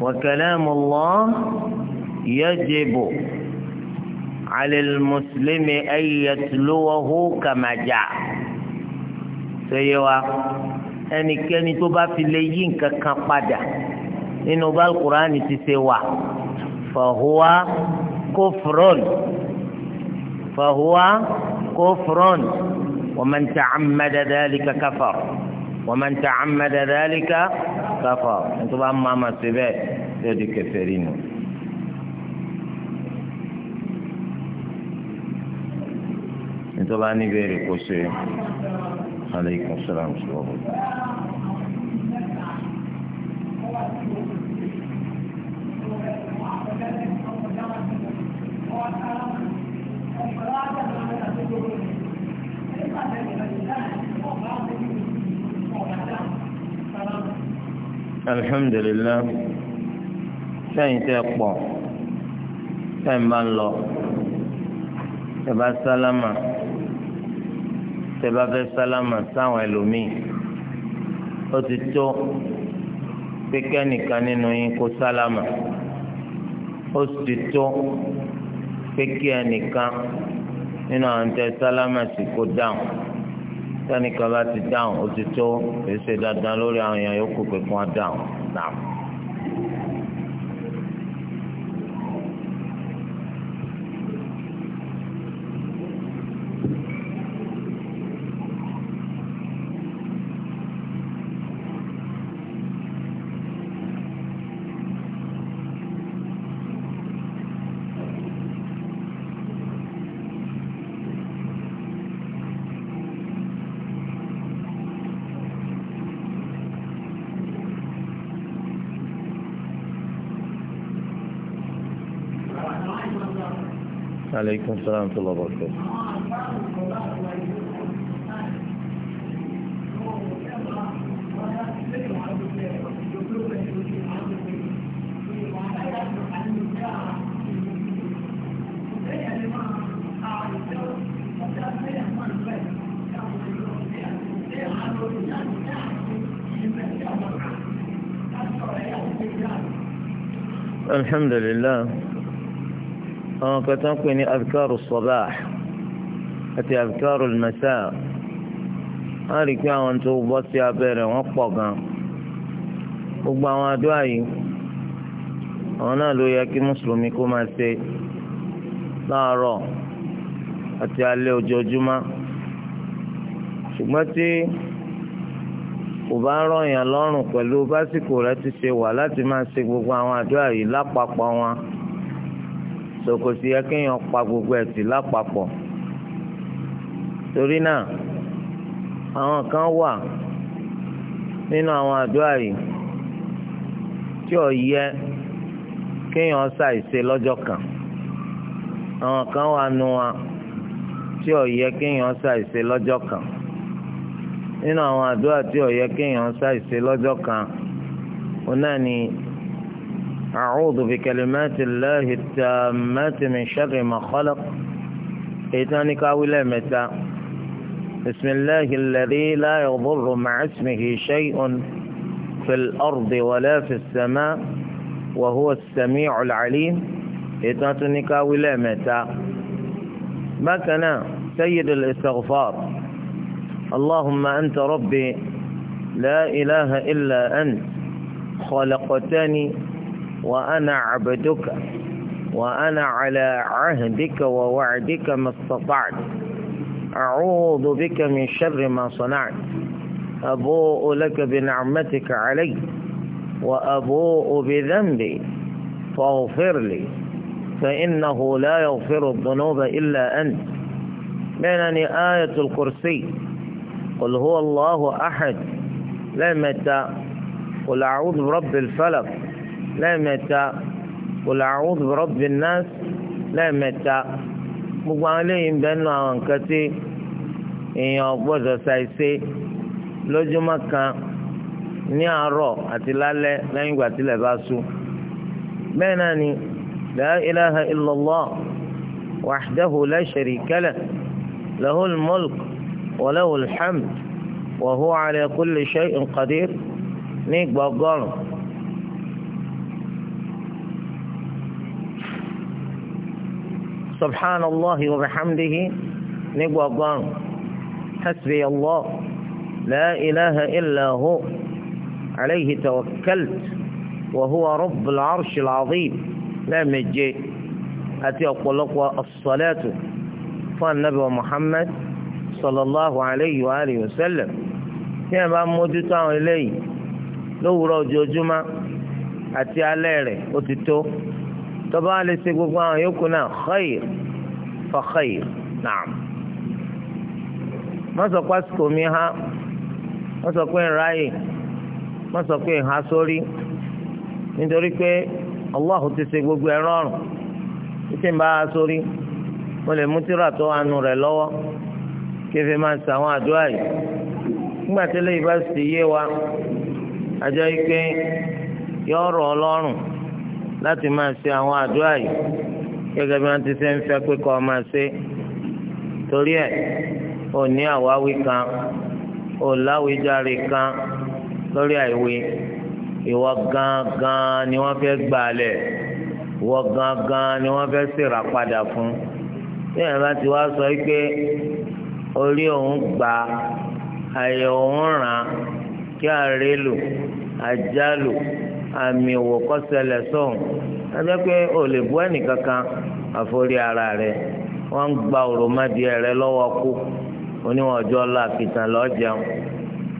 وكلام الله يجب على المسلم أن يتلوه كما جاء سيوا ẹnikẹ́ni tó bá fi lè yí nǹkan kan padà nínú balùkùránì ti ṣe wà fàhùwà kófrón fàhùwà kófrón wọ́n máa ń ta àmàdàdàlíkà káfà wọ́n máa ń ta àmàdàdàlíkà. sáfà nítorí wọn máa ma ṣe bẹ́ẹ̀ yóò di kèfèrí nù. nítorí wọn ní ìbéèrè kó ṣe aleykum salaam ṣùgbọ́n. Thank you. alhamdulilah sẹ́yìn tẹ́ pọ̀ sẹ́yìn máa ń lọ tẹ́ bá sálámà tẹ́ bá fẹ́ sálámà sáwọn ẹlòmíì ó ti tó pé kẹ́nìkan nínú yín kó sálámà ó ti tó pé kí nínú àwọn tẹ́ sálámà sì kó dáhùn sẹ́nìkan bá ti dáhùn ó ti tó èsè dandan lórí àwọn èèyàn yòókù pé kí wọ́n dáhùn náà. عليكم السلام ورحمة الله وبركاته الحمد لله àwọn kan tó ń pè ní adhikaru sabah àti adhikaru masa wọ́n rí i pé àwọn tó bọ́ sí abẹ́rẹ́ wọ́n pọ̀ gan gbogbo àwọn àdúrà yìí àwọn náà ló yẹ kí mùsùlùmí kó máa ṣe láàárọ̀ àti alẹ́ ojoojúmọ́ ṣùgbọ́n tí kò bá rọ̀yàn lọ́rùn pẹ̀lú básìkò rẹ ti ṣe wà láti máa ṣe gbogbo àwọn àdúrà yìí lápapọ̀ wọn sòkòsì yẹ kéèyàn pa gbogbo ẹ̀sìn lápapọ̀ torí náà àwọn kan wà nínú àwọn àdúrà yìí tí ò yẹ kéèyàn ṣàìṣe lọ́jọ́ kan àwọn kan wà nù wa tí ò yẹ kéèyàn ṣàìṣe lọ́jọ́ kan nínú àwọn àdúrà tí ò yẹ kéèyàn ṣàìṣe lọ́jọ́ kan òun náà ni. أعوذ بكلمات الله التامات من شر ما خلق إتاني كاولا متى بسم الله الذي لا يضر مع اسمه شيء في الأرض ولا في السماء وهو السميع العليم إتاني كاولا متى ما سيد الاستغفار اللهم أنت ربي لا إله إلا أنت خلقتني وأنا عبدك وأنا على عهدك ووعدك ما استطعت أعوذ بك من شر ما صنعت أبوء لك بنعمتك علي وأبوء بذنبي فاغفر لي فإنه لا يغفر الذنوب إلا أنت بينني آية الكرسي قل هو الله أحد لمتى قل أعوذ برب الفلق lẹ́ẹ̀mẹ́ta qul a'udhu bi rabbin nas lẹ́ẹ̀mẹ́ta gbogbo àwọn eléyìí ń bẹ nù àwọn nǹkan tí èèyàn gbọ́dọ̀ ṣàìṣe lójúmọ́ kan ní àárọ̀ àti lálẹ́ lẹ́yìn ìgbà tílẹ̀ bá ṣú bẹ́ẹ̀ náà ni la ilaha illallah wahdahu la sharika lah lahul mulk wa lahul hamd wa huwa ala kulli shay'in subhanallahi wa bihamdihi nígbà ọgọ́rùn hasbi allah la ilaha illa hu alayhi tawakkalt wa huwa rabbul arshil azim lẹ́ẹ̀meje àti ọ̀pọ̀lọpọ̀ as-salatu fún anabi wa muhammad sallallahu alayhi wa alihi wa sallam tí ẹ bá mójútó àwọn eléyìí lówùúrọ̀ ojoojúmọ́ àti alẹ́ rẹ̀ ó ti tó tọ́ba lè ṣe gbogbo àwọn yòókù náà xeyir fa xeyir naam má sọ pé àsìkò mi há má sọ pé nráyè má sọ pé há sórí nítorí pé Allah ti ṣe gbogbo ẹ̀ rọrùn títí ń bá a sórí mo lè mú tírà tó anu rẹ̀ lọ́wọ́ kí máa ṣe àwọn àdúrà yìí nígbà tí lè bá sì yé wa àjọ yìí pé yọ ọ̀rọ̀ Ọlọ́run láti máa ṣe àwọn àdúrà yìí gẹ́gẹ́ bí wọ́n ti ṣe ń fẹ́ pé kọ́ ọ máa ṣe torí ẹ̀ ò ní àwáwí kan ò láwíjàre kan lórí àìwé ìwọ gangan ni wọ́n fẹ́ gbalẹ̀ ìwọ gangan ni wọ́n fẹ́ ṣèrà fún bí ẹ̀ bá ti wá sọ pé orí òun gbà àyè òun ràn kí àrélò àjálù àmì òwò kọ́ ṣẹlẹ̀ sóun ẹgbẹ́ pé o lè bu ẹnìkan kan àforí ara rẹ wọ́n ń gba òròmọdìẹ rẹ lọ́wọ́ kú oníwọ̀n ọjọ́ lọ àkìtàn lọ́ọ́ jẹun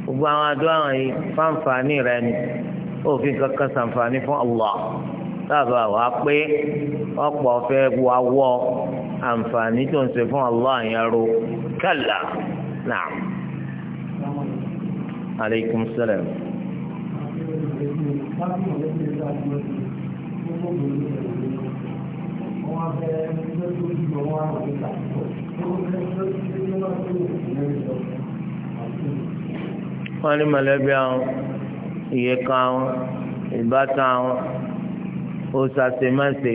gbogbo àwọn adó àwọn yìí fáǹfààní rẹ ni òfin kankan sàǹfààní fún Allah sábà wàá pé ọ̀pọ̀ fẹ́ wá wọ àǹfààní tó ń ṣe fún Allah yẹn ro kálá náà. aleykum salaam láti ìwọ̀n lẹ́yìn ìgbà tí wọ́n ti tó tó lè ní ẹ̀rọ wọn wá mọ̀lẹ́bí àwọn ìyèkan àwọn ìbátan àwọn òṣàṣemáṣe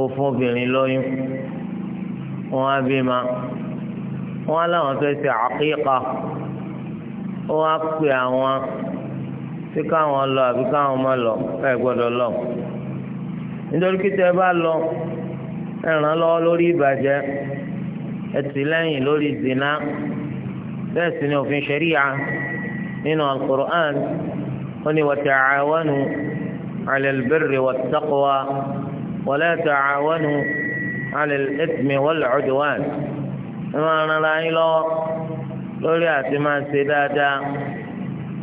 òfin obìnrin lóyún á bí ma wọn á láwọn fẹ́ ṣe àkíkà wọn á pè àwọn sí káwọn lọ àbí káwọn má lọ ẹ gbọ́dọ̀ lọ nítorí kí tẹ́ bá lọ ẹ ràn lọ́wọ́ lórí ìbàjẹ́ ẹ tì lẹ́yìn lórí zina bẹ́ẹ̀ sì ni òfin ṣẹ̀ríya nínú alukur'an ó ní wa ta'awanu 'ala al-birri wat-taqwa wa la ta'awanu 'ala ẹ máa ràn ara yín lórí àti máa ṣe dáadáa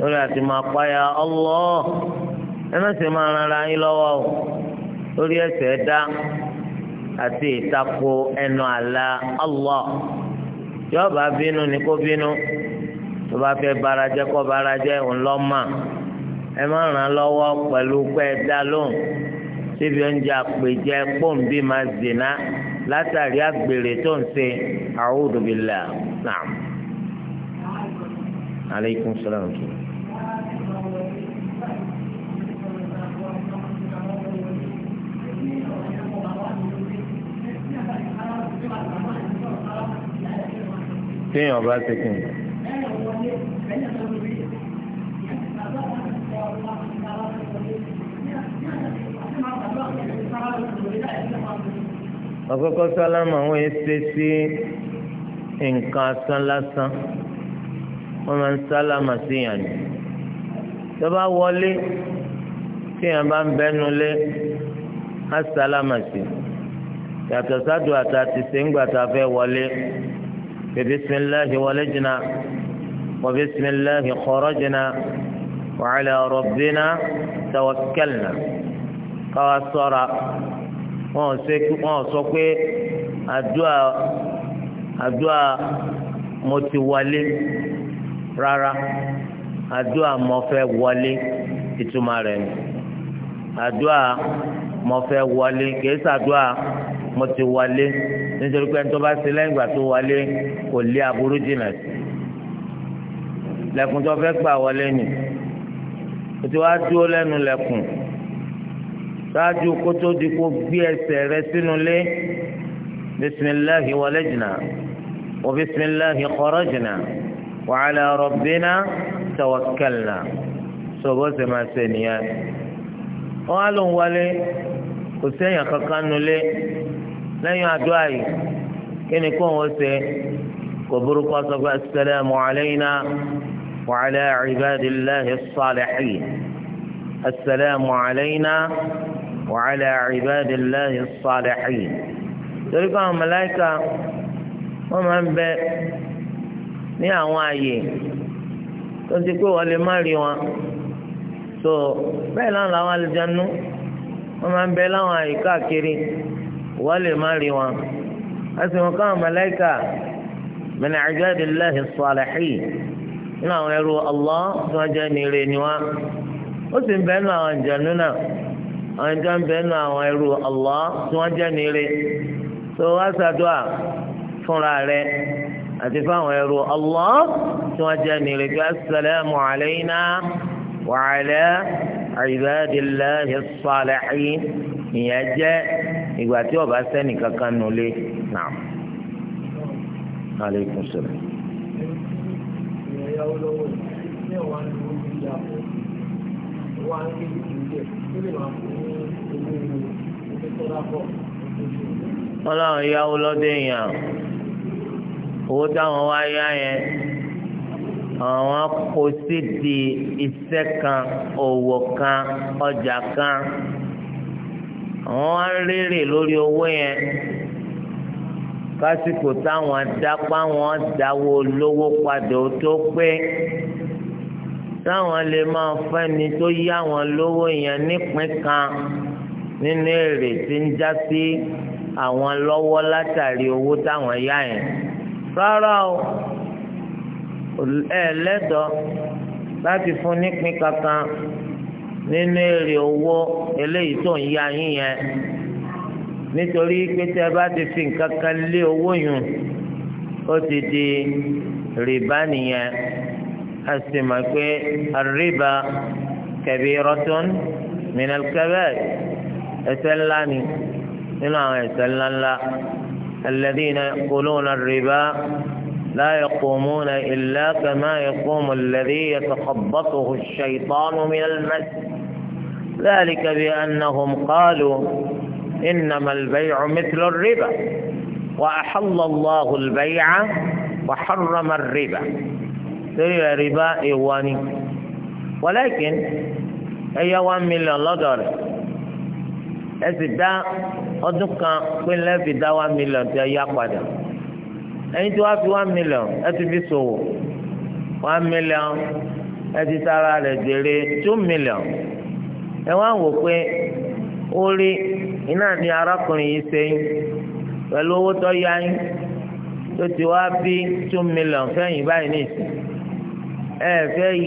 lórí àti máa páyà Allah ẹ má ṣe máa ran ara yín lọ́wọ́ o lórí ẹ̀ṣẹ̀ ẹ̀dá àti ìtako ẹnu àlà Allah tí ó bá bínú ni kó bínú tó bá fẹ́ bara jẹ́ kó bara jẹ́ ńlọ́mà ẹ má ràn án lọ́wọ́ pẹ̀lú pé ẹ dá lóhùn síbi oúnjẹ àpèjẹ pọ́ǹbì máa zìnà látàrí àgbèrè tó ń ṣe a'udhu billah na'am. aleykum salaam. téèyàn bá ṣe kìnnì. ọkọkọ sálámà wọn yẹn ṣe sí nǹkan asán lásán wọn máa ń sálámà sí yàn ní. tó bá wọlé tí yàn bá ń bẹnu lé á sálámà sí yàtọ̀ sádùn àtàtì ṣe ń gbà tá a fẹ́ wọlé. ببسم الله ولجنا وبسم الله خرجنا وعلى ربنا توكلنا قاصرا wọn sọ pé wọn sọ pé àdúà àdúà mo ti wọlé rárá àdúà mo fẹ́ wọlé ìtumọ̀ rẹ̀ àdúà mo fẹ́ wọlé kìí ṣàdúà mo ti wálé nítorí pé nítorí bá ṣe lẹ́yìn ìgbà tó wálé kò lé aburú jìnnà sí lẹ́kùn tó fẹ́ gbà wọlé nì o ti wá dúró lẹ́nu lẹ́kùn ṣáájú kó tó di kó gbé ẹsẹ̀ rẹ sínú lé bisimilahi wọlé jìnnà wa bisimilahi kọ́rọ́ jìnnà wa ala rabbina tawakkalna sọ bó ṣe máa ṣe nìyẹn wọn á lò ń kò sẹ́yìn kankan nulẹ̀ lẹ́yìn àdúrà yìí kí ni kò wọ́n ṣe kò burúkú sọ pé asalaamu alayna wa ala ibadillahi salihin asalaamu alayna wa ala ibadillahi salihin torí pé àwọn wọ́n máa ń bẹ ní àwọn àyè tó ti pé wọ́n má rí wọn so bẹ́ẹ̀ náà làwọn àlùjànnú wọ́n máa ń bẹ láwọn àyíká kiri wọ́n lè má rí wọn a sì wọn káwọn màláíkà min ibadillahi salihin nínú àwọn ẹrú Allah tí wọ́n jẹ́ níire ni wá ó sì ń bẹ nínú àwọn ìjànú náà àwọn ìjọ ń bẹ nínú àwọn ẹrú Allah tí wọ́n jẹ́ níire tó wá ṣàdúà fúnra rẹ àti fáwọn ẹrú Allah tí wọ́n jẹ́ níire kí assalamu alayna wa ibadillahi salihin ìyẹn jẹ́ ìgbà tí ọba sẹ́ni kankan nulẹ̀ náà. aleykum salaam. wọ́n láwọn yáwó lọ́dún yẹn owó táwọn wá yá yẹn àwọn kò sí di iṣẹ́ kan òwò kan ọjà kan àwọn wá ń rèrè lórí owó yẹn kásìkò táwọn dápá wọn dáwó lówó padà ó tó pé táwọn lè máa fẹ́ni tó yá wọn lówó yẹn nípín kan nínú èrè tí ń já sí àwọn lọ́wọ́ látàrí owó táwọn yá yẹn rárá o ẹlẹ́dọ̀ láti fún nípìn kankan nínú èrè owó eléyìí tó ń ya yín yẹn nítorí pé tẹ́ bá ti fi nǹkan kan lé owó yùn ó ti di rìbá nìyẹn a sì mọ̀ pé rìbá kabiratun minal kabair ẹ̀ṣẹ̀ ńlá ni nínú àwọn ẹ̀ṣẹ̀ ńláńlá alladhina yaquluna rìbá. لا يقومون إلا كما يقوم الذي يتخبطه الشيطان من المس ذلك بأنهم قالوا إنما البيع مثل الربا وأحل الله البيع وحرم الربا سري ربا إيواني ولكن أي وان مليون لدر أسدا أدوكا كل في دا وان مليون ẹ̀yin tí fi one million ẹ ti fi one million ẹ ti two million ẹ wá wò pé ó rí iná ni arákùnrin yìí sẹ́yìn pẹ̀lú owó tó yá yín tó ti wá bí two million fẹ́yìn báyìí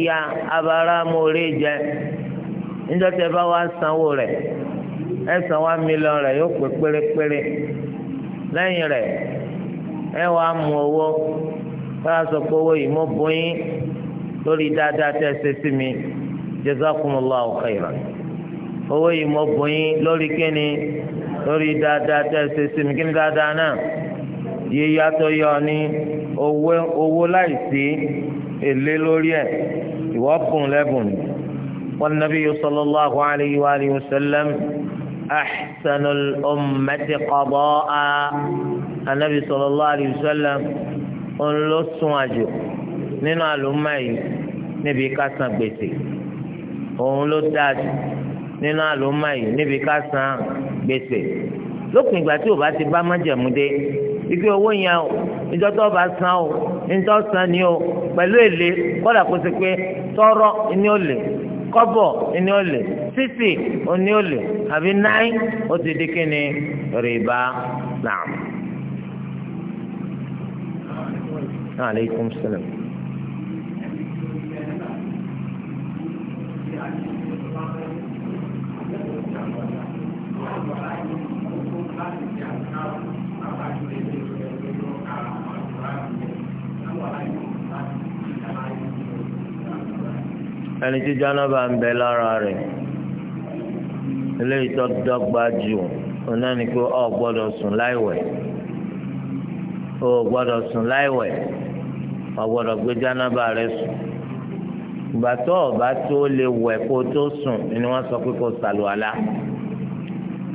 ya abara jẹ níjọ́ tẹ́ bá wá sanwó rẹ̀ ẹ san one million rẹ̀ yóò pérépéré lẹ́yìn ẹ wàá mú owó wọ́n á sọ pé owó yìí mo bọ́ yín lórí dáadáa tẹ́ ẹ ṣe sí mi jazakumullahu khairan owó yìí mo bọ́ yín lórí kíni lórí dáadáa tẹ́ ẹ ṣe sí mi kíni dáadáa náà yìí yàtọ̀ yọ ní owó owó láìsí èlé lórí ẹ̀ ìwọ́ bùn lẹ́bùn wọn nàbí sallallahu alayhi wa sallam ahsanul ummati qadaa anabi sallallahu alayhi wa sallam òun ló sún àjò nínú àlùmọ́ yìí níbi ká san gbèsè òun ló dáa jù nínú àlùmọ́ yìí níbi ká san gbèsè lópin ìgbà tí o bá ti bá májẹ̀mú dé ike owó yẹn o níjọ́ tó bá san o níjọ́ san ni o pẹ̀lú èlé kọ́dà kó ṣe pé tọ́rọ́ ni ó lè kọ́bọ̀ ni ó lè sísì ni ó lè àbí náì ó ti di kí ni rìbá náà. عليكم السلام. ẹni tí jánábà ń bẹ lára rẹ̀ eléyìí tó dọ́gba jù ọ náà ni pé ọ gbọ́dọ̀ sùn láìwẹ̀ o gbọ́dọ̀ sùn láìwẹ̀ o gbọ́dọ̀ gbé jánábà rẹ sùn ìgbà tó o bá tó lè wẹ̀ kó tó sùn ni wọ́n sọ pé kó sàlùwàlá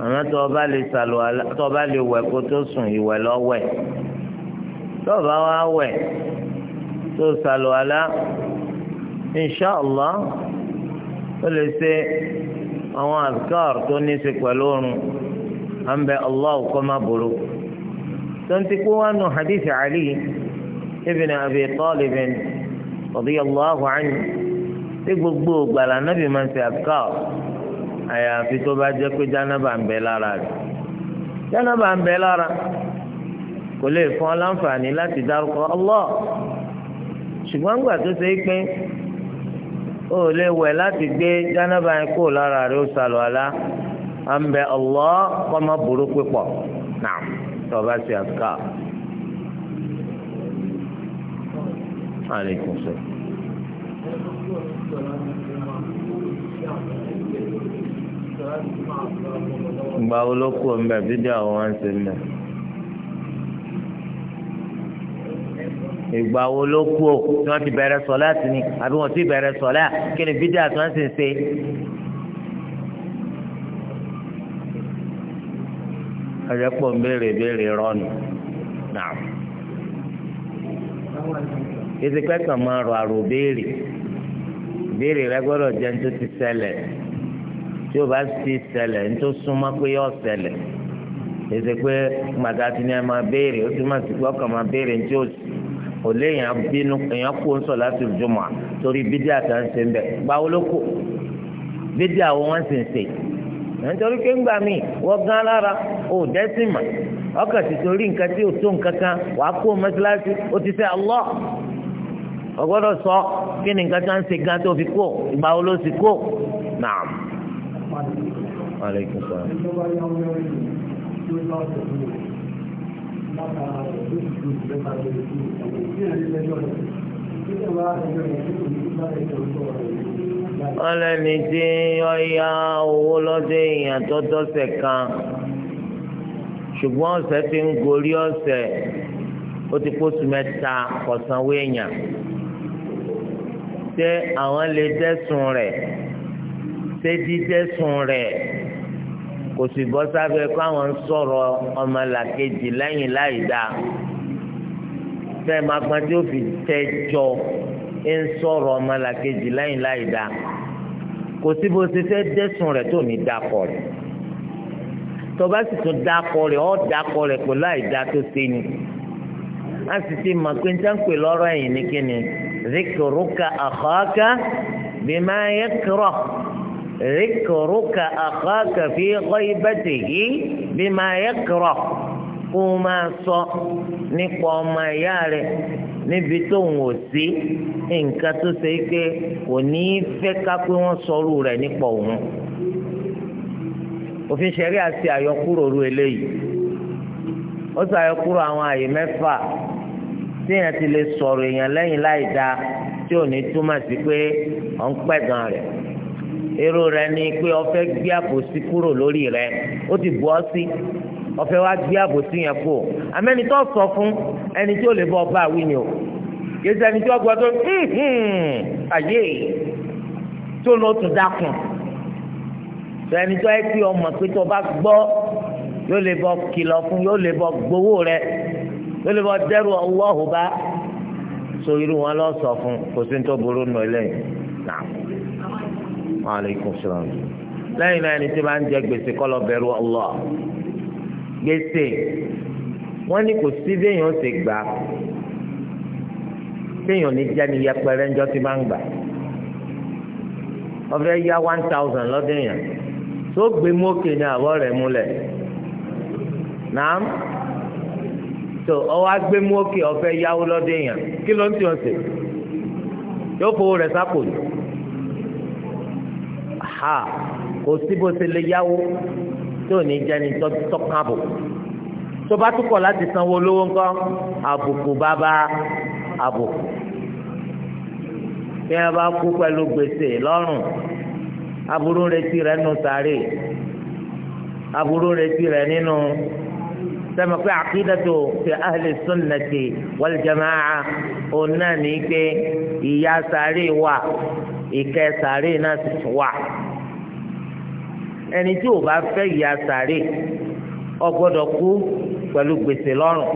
àmọ́ tó o bá lè sàlùwàlá tó o bá lè wẹ̀ kó tó sùn ìwẹ̀ lọ wẹ̀ tó o bá wá wẹ̀ tó o sàlùwàlá insha Allah ó lè ṣe àwọn azkar tó ní í ṣe pẹ̀lú oorun à ń bẹ Allah kó má burú. tonti kó wá nù hadith cali ibn abi talib rabi allahu anyi ti gbogbo gbala nabi mansi abkar aya fito ba jẹ kó janaba nbẹ lara janaba nbẹ lara kò lè fún alamfani láti dárúkọ allah ṣùgbọ́n gba tó ṣe é pé o lè wẹ̀ láti gbé janaba yẹn kó lara rẹ o sàlọ̀ ala anbẹ allah kọ́ ma burú pípọ̀ naam. tó o bá ṣe àtúkà. Alaikum salaam. Ìgbà wo ló kú ọmọ ẹ̀ fídíò àwọn wá ń ṣe mẹ́? ìgbà wo ló kú o tí wọ́n ti bẹ̀rẹ̀ sọlá tì ní àbí wọ́n ti bẹ̀rẹ̀ sọlá kí ni fídíò àti wọ́n sì ń ṣe ẹ̀jẹ̀ pọ̀ ń béèrè béèrè rọ́ọ̀nù náà ìsìnkú ẹ̀kan máa rọ àrò béèrè béèrè rẹ gbọ́dọ̀ jẹ́ ní tó ti ṣẹlẹ̀ tí o bá ti ṣẹlẹ̀ ní tó súnmọ́ pé yọ ṣẹlẹ̀ èsì pé gbàtà tí ni ẹ máa béèrè ó ti máa sì pé máa béèrè ní tí o sì lé èèyàn bínú èèyàn kó ń sọ láti torí bídíà ń ń bẹ̀ ló kù bídíà wọn sì ń na pé ńgbà míì wọ́n gán lára ò dẹ́sìn mà ọkàn si torí nǹkan tí ò tó nǹkan kan wà á kó ó ti ọgbọ́dọ̀ sọ kí ni nǹkan tí wọ́n ń gan tó fi kó ìgbà wo ló sì kó wọ́n lẹ́ni tí ó yá owó lọ́dọ̀ èèyàn tó tọ́sẹ̀ kan ṣùgbọ́n ọ̀sẹ̀ ti ń gorí ọ̀sẹ̀ ó ti pósù mẹ́ta kọ̀sánwó èèyàn ṣé àwọn lè dẹ́sùn rẹ̀ ṣé dídẹ́sùn rẹ̀ kò sì bọ́ sábẹ́ pé àwọn ń sọ̀rọ̀ ọmọlàkejì lẹ́yìn láì dáa fẹ́ẹ́ máa gbọ́n tí ó fi tẹ́jọ́ ń sọ̀rọ̀ ọmọlàkejì lẹ́yìn láì dáa kò sí bó ṣe fẹ́ dẹ́sùn rẹ̀ tó ní dakọ̀ rẹ̀ tọba sì tún dakọ̀ rẹ̀ ọ́ dakọ̀ rẹ̀ pẹ̀lú àìdá tó ṣe ni a sì ti mọ̀ pé njẹ́ ń pè lọ́rọ̀ ẹ̀yìn ní kíni zikruka akhaka bima yakrah zikruka akhaka fi ghaibatihi bima yakrah kó máa sọ nípa ọmọ ìyá rẹ̀ níbi tó ń wò sí nǹkan tó ṣe pé kò ní í fẹ́ ká pé wọ́n sọrú rẹ̀ nípa òun òfin ṣẹ̀rí àti àyọkúrò ru eléyìí ó sì àyọkúrò àwọn àyè mẹ́fà tí èèyàn ti lè sọ̀rọ̀ èèyàn lẹ́yìn láì dáa tí ò ní túmọ̀ sí pé ọ̀ ń pẹ̀gàn rẹ̀ èrò rẹ̀ ni pé o fẹ́ gbé àpòsí kúrò lórí rẹ̀ ó ti bọ́ sí. Si ọ̀fẹ́ wa gbé àbòsí yẹn kú o àmẹ́ni tó sọ fún ẹni tí ó lè bọ́ ọba àwìn ni o kìí ṣe ẹni tí wọ́n gbọ́ tó hmm, hmm, ayé tó ló tún dákun tó ẹni tó ẹ tí ọmọ pé tó bá gbọ́ yóò lè bọ́ kìlọ̀ fún yóò lè bọ́ gbowó rẹ yóò lè bọ́ dẹ́rù ọlọ́hùn bá so irú wọn lọ sọ fún kò sí tó burú nù lẹ́yìn náà wàhálà ikú sọ̀rọ̀ lẹ́yìn náà ẹni tí wọ́n bá jẹ gbèsè kọ́ lọ bẹ̀rù gbèsè wọ́n ní kò sí béèyàn ó ṣe gbà á béèyàn ní jẹ́ ní yẹpẹrẹ ńjọ́ tí máa ń gbà ọ̀fẹ́ yá one thousand lọ́dún yẹn tó gbé mókè ní àwọ̀ rẹ̀ múlẹ̀ náà tó ọwọ́ agbé mókè ọ̀fẹ́ yáwó lọ́dún yẹn kí ló ń tí o ṣe yóò fowó rẹ̀ sápò ní kò sí lè yáwó tó ní jẹ́ni tọ́kàbò tó bá túkọ̀ láti sanwó olówó ńkọ́ àbùkù bàbá àbùkù bí wọ́n bá kú pẹ̀lú gbèsè lọ́rùn aburú retí rẹ̀ nù sáré aburú retí rẹ̀ nínú sẹ́mi pé àkídàtò fi ahli sunnati wal jamaa òun náà ní pé ìyà sáré wà ìkẹ́ sáré náà wà ẹni tí ò bá fẹ́ ìyà sàárè ó gbọ́dọ̀ kú pẹ̀lú gbèsè lọ́rùn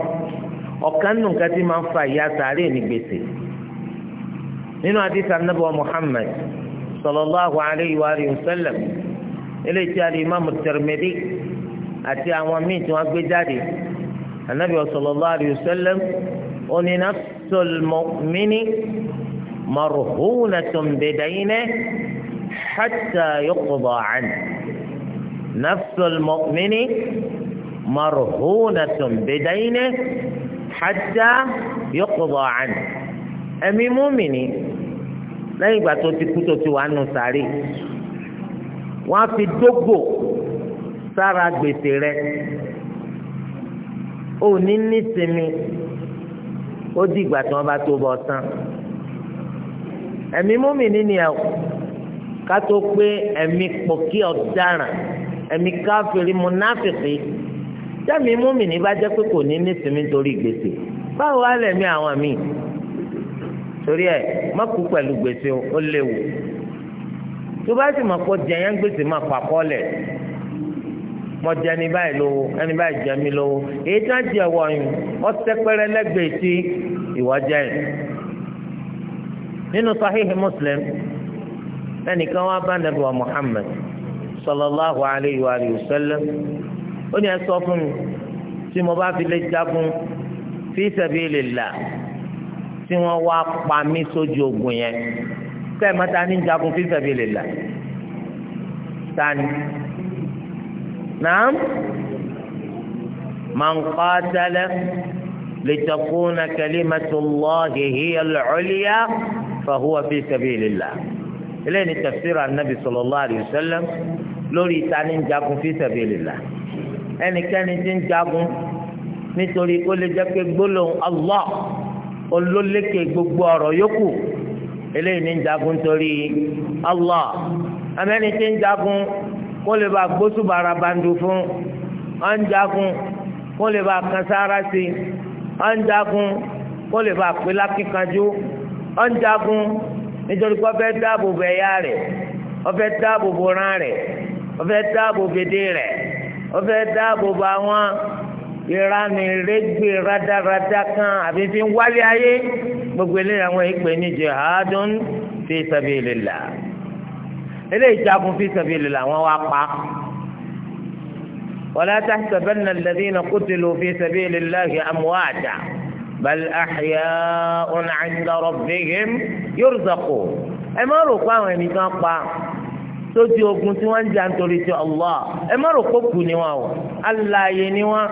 ọ̀kan nù nǹkan tí máa ń fa ìyà sàárè ní gbèsè nínú àdìsí Ànábì Muhammad sallallahu alayhi wa sallam eléyìí tí alimami Tirmidhi àti àwọn míì tí wọ́n gbé jáde Ànábì sallallahu alayhi wa sallam ó ní nafsul mu'mini marhunatun bidaynihi hatta yuqda nafsul mu'mini marhunatun bidayni hatta yuqda an ẹ̀mí mùmìnì lẹ́yìn ìgbà tó ti kú tó ti wà nù sàárè wọ́n á fi dógò sára gbèsè rẹ̀ ò ní nísinmi ó di ìgbà tí wọ́n bá tó bọ̀ tán ẹ̀mí mùmìnì ni ẹ̀ ká tó pé ẹ̀mí pòkí ọ̀daràn ẹ̀mí káfíìrì múnáfìkì tẹ́mi múmìnì bá jẹ́ pé kò ní nísìmí torí gbèsè báwo wá lẹ̀mí àwọn míì torí ẹ̀ má kú pẹ̀lú gbèsè ó léwu tó bá sì mọ̀ pé jẹ̀yán gbèsè máa fà kọ́lẹ̀ mo jẹ ẹni báyìí lówó ẹni báyìí jẹ mí lówó èyí tí wọ́n jẹ wọ̀nyí wọ́n sẹ́pẹ́rẹ́ lẹ́gbẹ̀ẹ́ tí ìwọ jẹ yìí nínú Sahih Muslim ẹnìkan wá bá nàbẹ̀wá Muhammad sallallahu alayhi wa sallam ó ní ẹ sọ fún mi tí mo bá fi lè jagun fi sabilillah tí wọ́n wá pa mí sójú ogun yẹn kẹ́ ẹ̀ má ta ní jagun fi sabilillah tani naam man qatala litakuna kalimatullahi hiya al-ulya fahuwa fi sabilillah eléyìí ni tafsir anabi sallallahu alayhi wa sallam lórí ta ni ń jagun fi sabilillah ẹnikẹ́ni tí ń jagun nítorí ó lè jẹ́ pé gbólóhùn Allah olólékè gbogbo ọ̀rọ̀ yòókù eléyìí ní ń jagun torí Allah amẹ́ni tí ń jagun kó lè bá gbósùbàrà bandu fún ọ̀ ń jagun kó lè bá kansára sí ọ̀ ń jagun kó lè bá pé lákìkanjú ọ̀ ń jagun nítorí pé fẹ́ dáàbò bo rẹ̀ ó fẹ́ dáàbò bo rẹ̀ ọfẹ́ dáàbò gbèdé rẹ̀ ọfẹ́ dáàbò bá wọn ìranì rẹ́gbẹ̀ rádaràdá kan àbí fi ń wálé ayé gbogbo eléyìí àwọn ìpè ní jihadun fi sabilillah eléyìí jagun fi sabilillah wọn wá pa. ولا تحسبن الذين قتلوا في سبيل الله أمواتا بل أحياء عند ربهم يرزقون ẹ má rò pé àwọn ẹni kan pa sójú ogun tí wọ́n ń jà nítorí ti Allah ẹ má rò kó kù ni wọn o alààyè ni wọn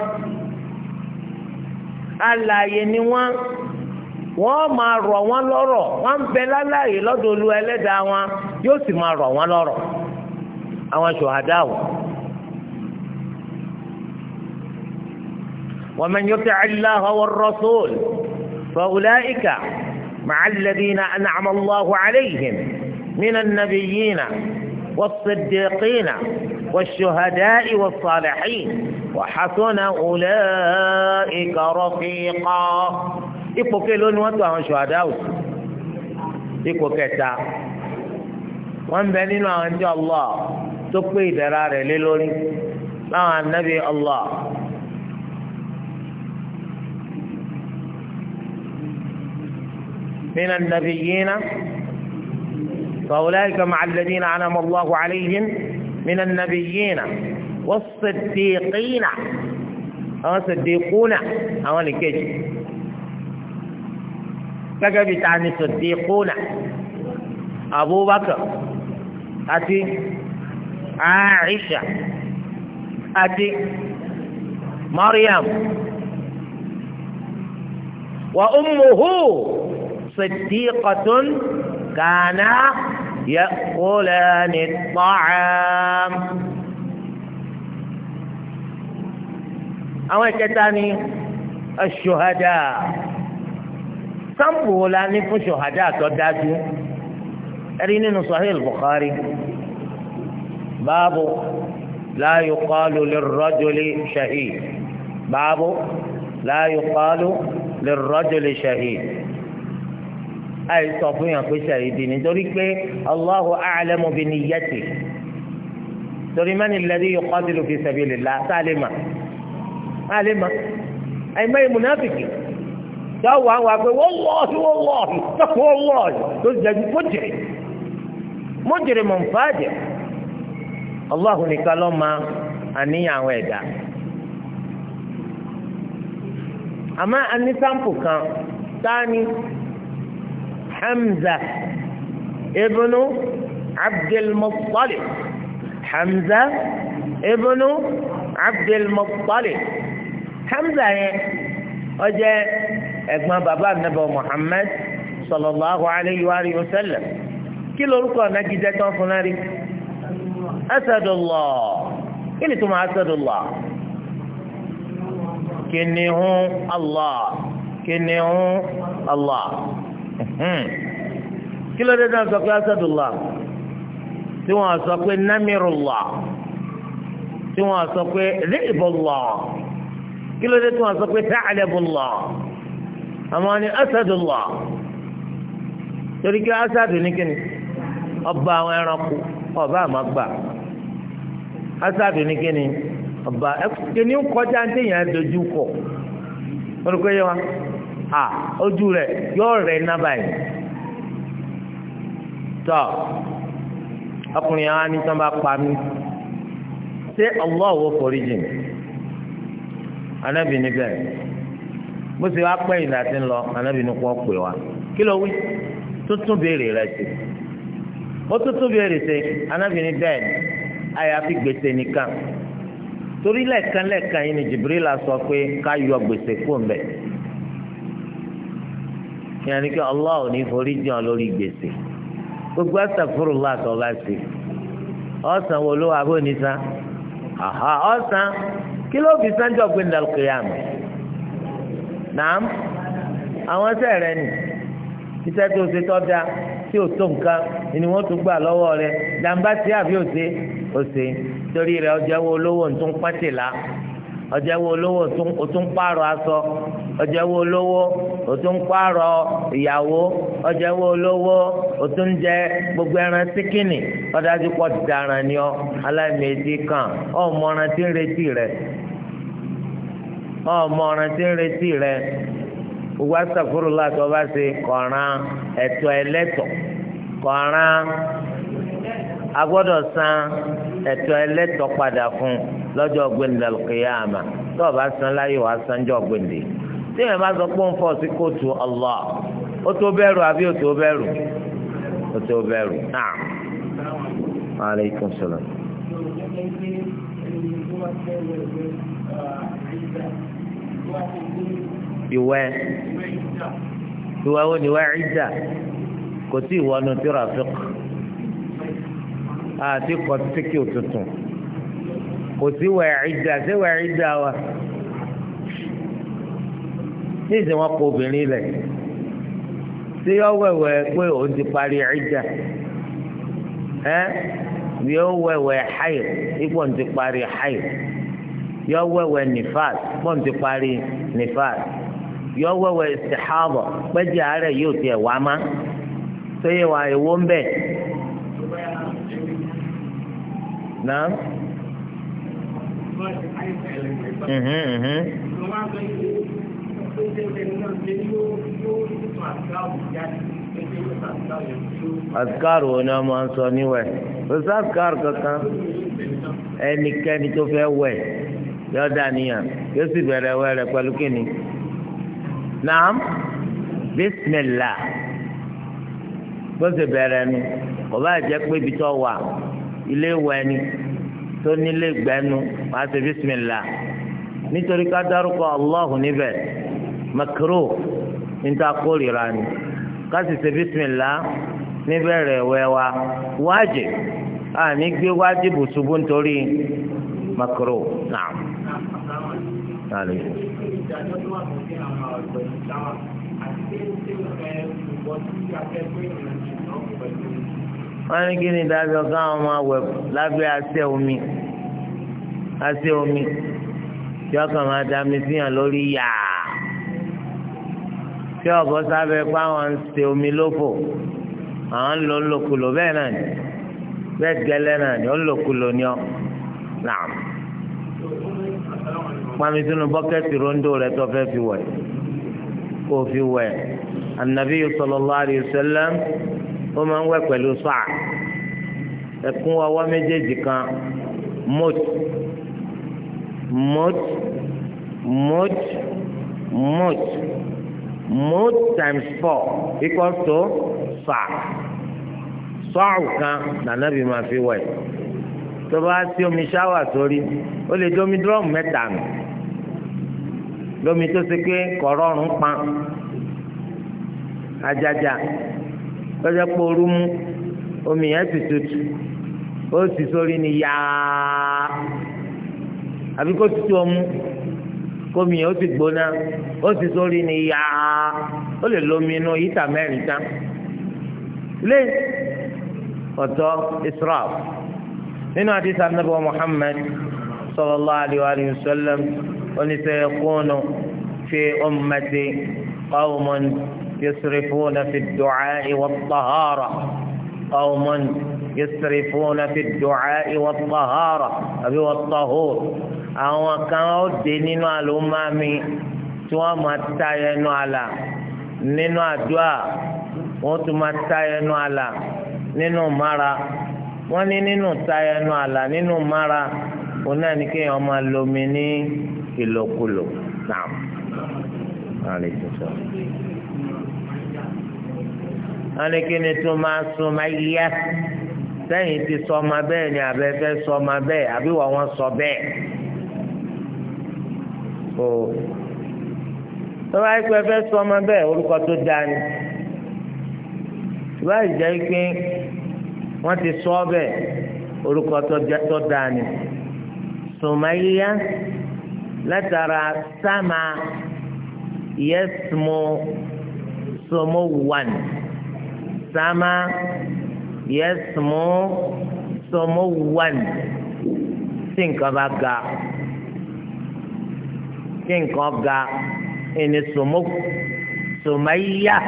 alààyè ni wọn wọ́n máa rọ̀ wọ́n lọ́rọ̀ wọ́n bẹ lálàyè lọ́dọ̀ olú ẹlẹ́dàá wọn yóò sì máa rọ̀ wọ́n lọ́rọ̀ àwọn ṣòhádà wọ̀. ومن يطع الله والرسول فأولئك مع الذين أنعم الله عليهم من النبيين والصديقين والشهداء والصالحين وحسن أولئك رفيقا ipò kelo ni wọ́n tó àwọn ṣùhàdá ò sí ipò kẹta wọ́n ń bẹ nínú àwọn ẹni tí Allah tó pé ìdára rẹ̀ lé lórí láwọn anábì Allah min annabiyina. فأولئك مع الذين أنعم الله عليهم من النبيين والصديقين أو صديقون أو الكج كجب تعني صديقون أبو بكر أتي عائشة أتي مريم وأمه صديقة كان يأكلان الطعام أو كتاني الشهداء كم بولاني في الشهداء تداتي أريني صحيح البخاري بابو لا يقال للرجل شهيد بابو لا يقال للرجل شهيد àìsọ fún yàn pé ṣàyídì nítorí pé Allahu a'lamu bi niyyati torí mẹ́ni lẹ́dí yuqatilu fi sabilillah tá a lè mà a lè mà àìmọ́ ìmùnáfìkì tó wà wà pé wallahi wallahi tọ́kù wallahi tó jẹ́jú kó jẹ́ mọ̀ nfa Allahu nìkan ló máa àníyàn àwọn ẹ̀dá àmọ́ a kan tá a hamza ibnu abdulmuttalib hamza ibnu abdulmuttalib hamza yẹn ó jẹ́ ẹ̀gbọ́n bàbá ànábì muhammed sallallahu alayhi wa sallam kí lorúkọ nagijẹ tán fún náà rí asadullah kí ni tó máa asadullah kìnìún allah kìnìún allah. kí ló dé dáná sọ pé asadùlá tí wọ́n sọ pé námírùlá tí wọ́n sọ pé rìbùlá kí ló dé tí wọ́n sọ pé ni asadùlá torí kí asadu ní kíni ọba àwọn ẹranko ọba àmàgbà asadu ní kíni ọba ẹ kí kọjá ní wa. Ha ojú rẹ yóò rẹ̀ iná báyìí Tọ ọkùnrin àwọn ni tán bá pa mí ṣé Allah wo forí jìn anábì níbẹ̀ bó ṣe wá pẹ́yìn láti ń lọ anábì ní kò pè wá kí ló wí tuntun béèrè rẹ̀ sí ó tuntun béèrè sí anábì ní bẹ́ẹ̀ ni àyàfi gbèsè nìkan torí lẹ́ẹ̀kan lẹ́ẹ̀kan yìí ni Jibril sọ pé ká yọ gbèsè kó ìyẹn ni kí Allah ò ní forí jìn lórí gbèsè gbogbo astaghfirullah àti ọba sí ọ̀sán wo ló wà bó ní sá àhà ọ̀sán kí ló fi sánjọ́ pé ndàlùkìyàm nàám àwọn ẹsẹ̀ rẹ nì iṣẹ́ tó ṣe tọ́ tí ò tó nǹkan ni wọ́n tún gbà lọ́wọ́ rẹ jàǹbá sí àbí òṣè òṣè torí rẹ ọjọ́ wo lówó ń la. ọjọ́ wo olówó o pààrọ̀ aṣọ ọjọ́ olówó pààrọ̀ ìyàwó ọjọ́ olówó o jẹ gbogbo ẹran síkìnì ọdájú pọ̀ daran ni ọ aláìmẹ̀ẹ́dì kan ọmọràn tí ń retí rẹ ọmọràn tí ń retí rẹ gbogbo asàkúrò láti ọba ṣe kọ̀ọ̀ràn ẹ̀tọ́ ẹlẹ́tọ̀ kọ̀ọ̀ràn agbọ́dọ̀ san. ẹ̀tọ́ ẹlẹ́tọ́ padà fún lọ́jọ́ gbẹ̀ndẹ̀ kìyàmà tó o bá san láyé wàá sanjọ́ gbẹ̀ndẹ̀ tí èèyàn bá sọ pé ń fọ sí kóòtù Allah o tó bẹ̀rù àbí ó tó bẹ̀rù ó tó bẹ̀rù náà. aleykum salaam. ìwẹ́ ìwẹ́ wo ni wẹ́ ìjà kò tí ì wọnú tíra fíkù àti kọ tíkì òtútùn kò sí wẹ̀ ìdá sí wẹ̀ ìdá wa ní ìsìn wọn kọ obìnrin lẹ̀ tí yọ wẹ̀wẹ̀ pé òun ti parí ìdá ẹ́ yọ wẹ̀wẹ̀ hayi ipò ń ti parí hayi yọ wẹ̀wẹ̀ nifas ipò ń ti parí nifas yọ wẹ̀wẹ̀ istihaba pẹ́jì àárẹ̀ yóò tiẹ̀ wá má sóyè wa èwo ń bẹ̀ náà. Mhm, mhm. azikaru wo ni wọn máa ń sọ níwẹ̀ kò sí azikaru kankan ẹnikẹ́ni tó fẹ́ wẹ̀ yọ da níyà yóò sì bẹ̀rẹ̀ wẹ̀ rẹ̀ pẹ̀lú kíni naam bisimilah bó ṣe nu kò bá jẹ́ pé ibi ilé ìwẹ̀ ni tó nílé gbẹ́nu wàá ṣe bísímìlà nítorí ká dárúkọ Allahu níbẹ̀ makaro níta kórìíra ni ká sì ṣe bísímìlà níbẹ̀rẹ̀ ìwẹ̀ wa wájib àní gbé wájib ṣubú nítorí makaro náà. Ìdájọ́ tó wà fún àwọn ọ̀gbẹ́ni dáwà àti pé ó ṣe ń fẹ́ ìwọ́sí akẹ́kọ̀ọ́ ìrìnàjò wọ́n ní kí ni ìdájọ́ káwọn máa wẹ̀ lábẹ́ àṣẹ omi àṣẹ omi tí ọkàn máa da mi síyàn lórí yàá tí ọ̀bọ sábẹ́ pé àwọn ń ṣe omi lófò àwọn ń lo ńlòkulò bẹ́ẹ̀ náà ni bẹ́ẹ̀ gẹ́lẹ́ náà ni ó ń lòkulò ni ọ́ nàám. pàmì sínú bọ́kẹ́tì rondo rẹ̀ tó fẹ́ fi wẹ̀ kó fi wẹ̀ anabi sallallahu alayhi wọ́n máa ń wẹ̀ pẹ̀lú sáà ẹ̀kún ọwọ́ méjèèjì kan mọ́t mọ́t mọ́t mọ́t mọ́t times four equal to sáà sáà kan nànàbí máa fi wẹ̀ tó bá sí omi ṣáwà sórí ó lè domi drum mẹ́ta nù lómi tó ṣe pé kọ̀ọ̀rọ̀ ń pa ajaja lọ́jọ́ pé ooru mú omi yẹn ti tutù ó sì sórí ni yáá àbí kó tutù ọmú kómi yẹn ó ti gbóná ó sì sórí ni yáá ó lè lómi inú yíta mẹ́rin tán lé ọ̀tọ̀ israf nínú àdìsí Ànábì Muhammad sallallahu alayhi wa sallam oníṣẹ́ kúnnù fi ummati qawmun. يسرفون في الدعاء والطهارة قوم يسرفون في الدعاء والطهارة أبي والطهور أو كانوا دينين الأمامي ثم تاينوا على nínú àdúrà wọn tún máa ta ẹnu àlà nínú mara wọn ní nínú ta ẹnu àlà nínú mara òun náà ní kéèyàn máa lomi ní ìlòkulò náà wọn ní kí ni tó máa sún máa yá sẹ́yìn ti sọ ọmọ bẹ́ẹ̀ ni àbẹ́ fẹ́ sọ ọmọ bẹ́ẹ̀ àbí wọ́n wọ́n sọ bẹ́ẹ̀. o tó bá yẹ pé fẹ́ sọ ọmọ bẹ́ẹ̀ orúkọ tó dáa ni tó bá yìí jẹ́ pé wọ́n ti sọ ọ́ orúkọ tó dáa ni sùnmáyíyá látara sáma yẹ́sùmọ́ sọmọ́ wà sama yẹsùmù sọmọ wàn tí nǹkan bá ga tí nǹkan ga ẹni sọmọ sọmọyà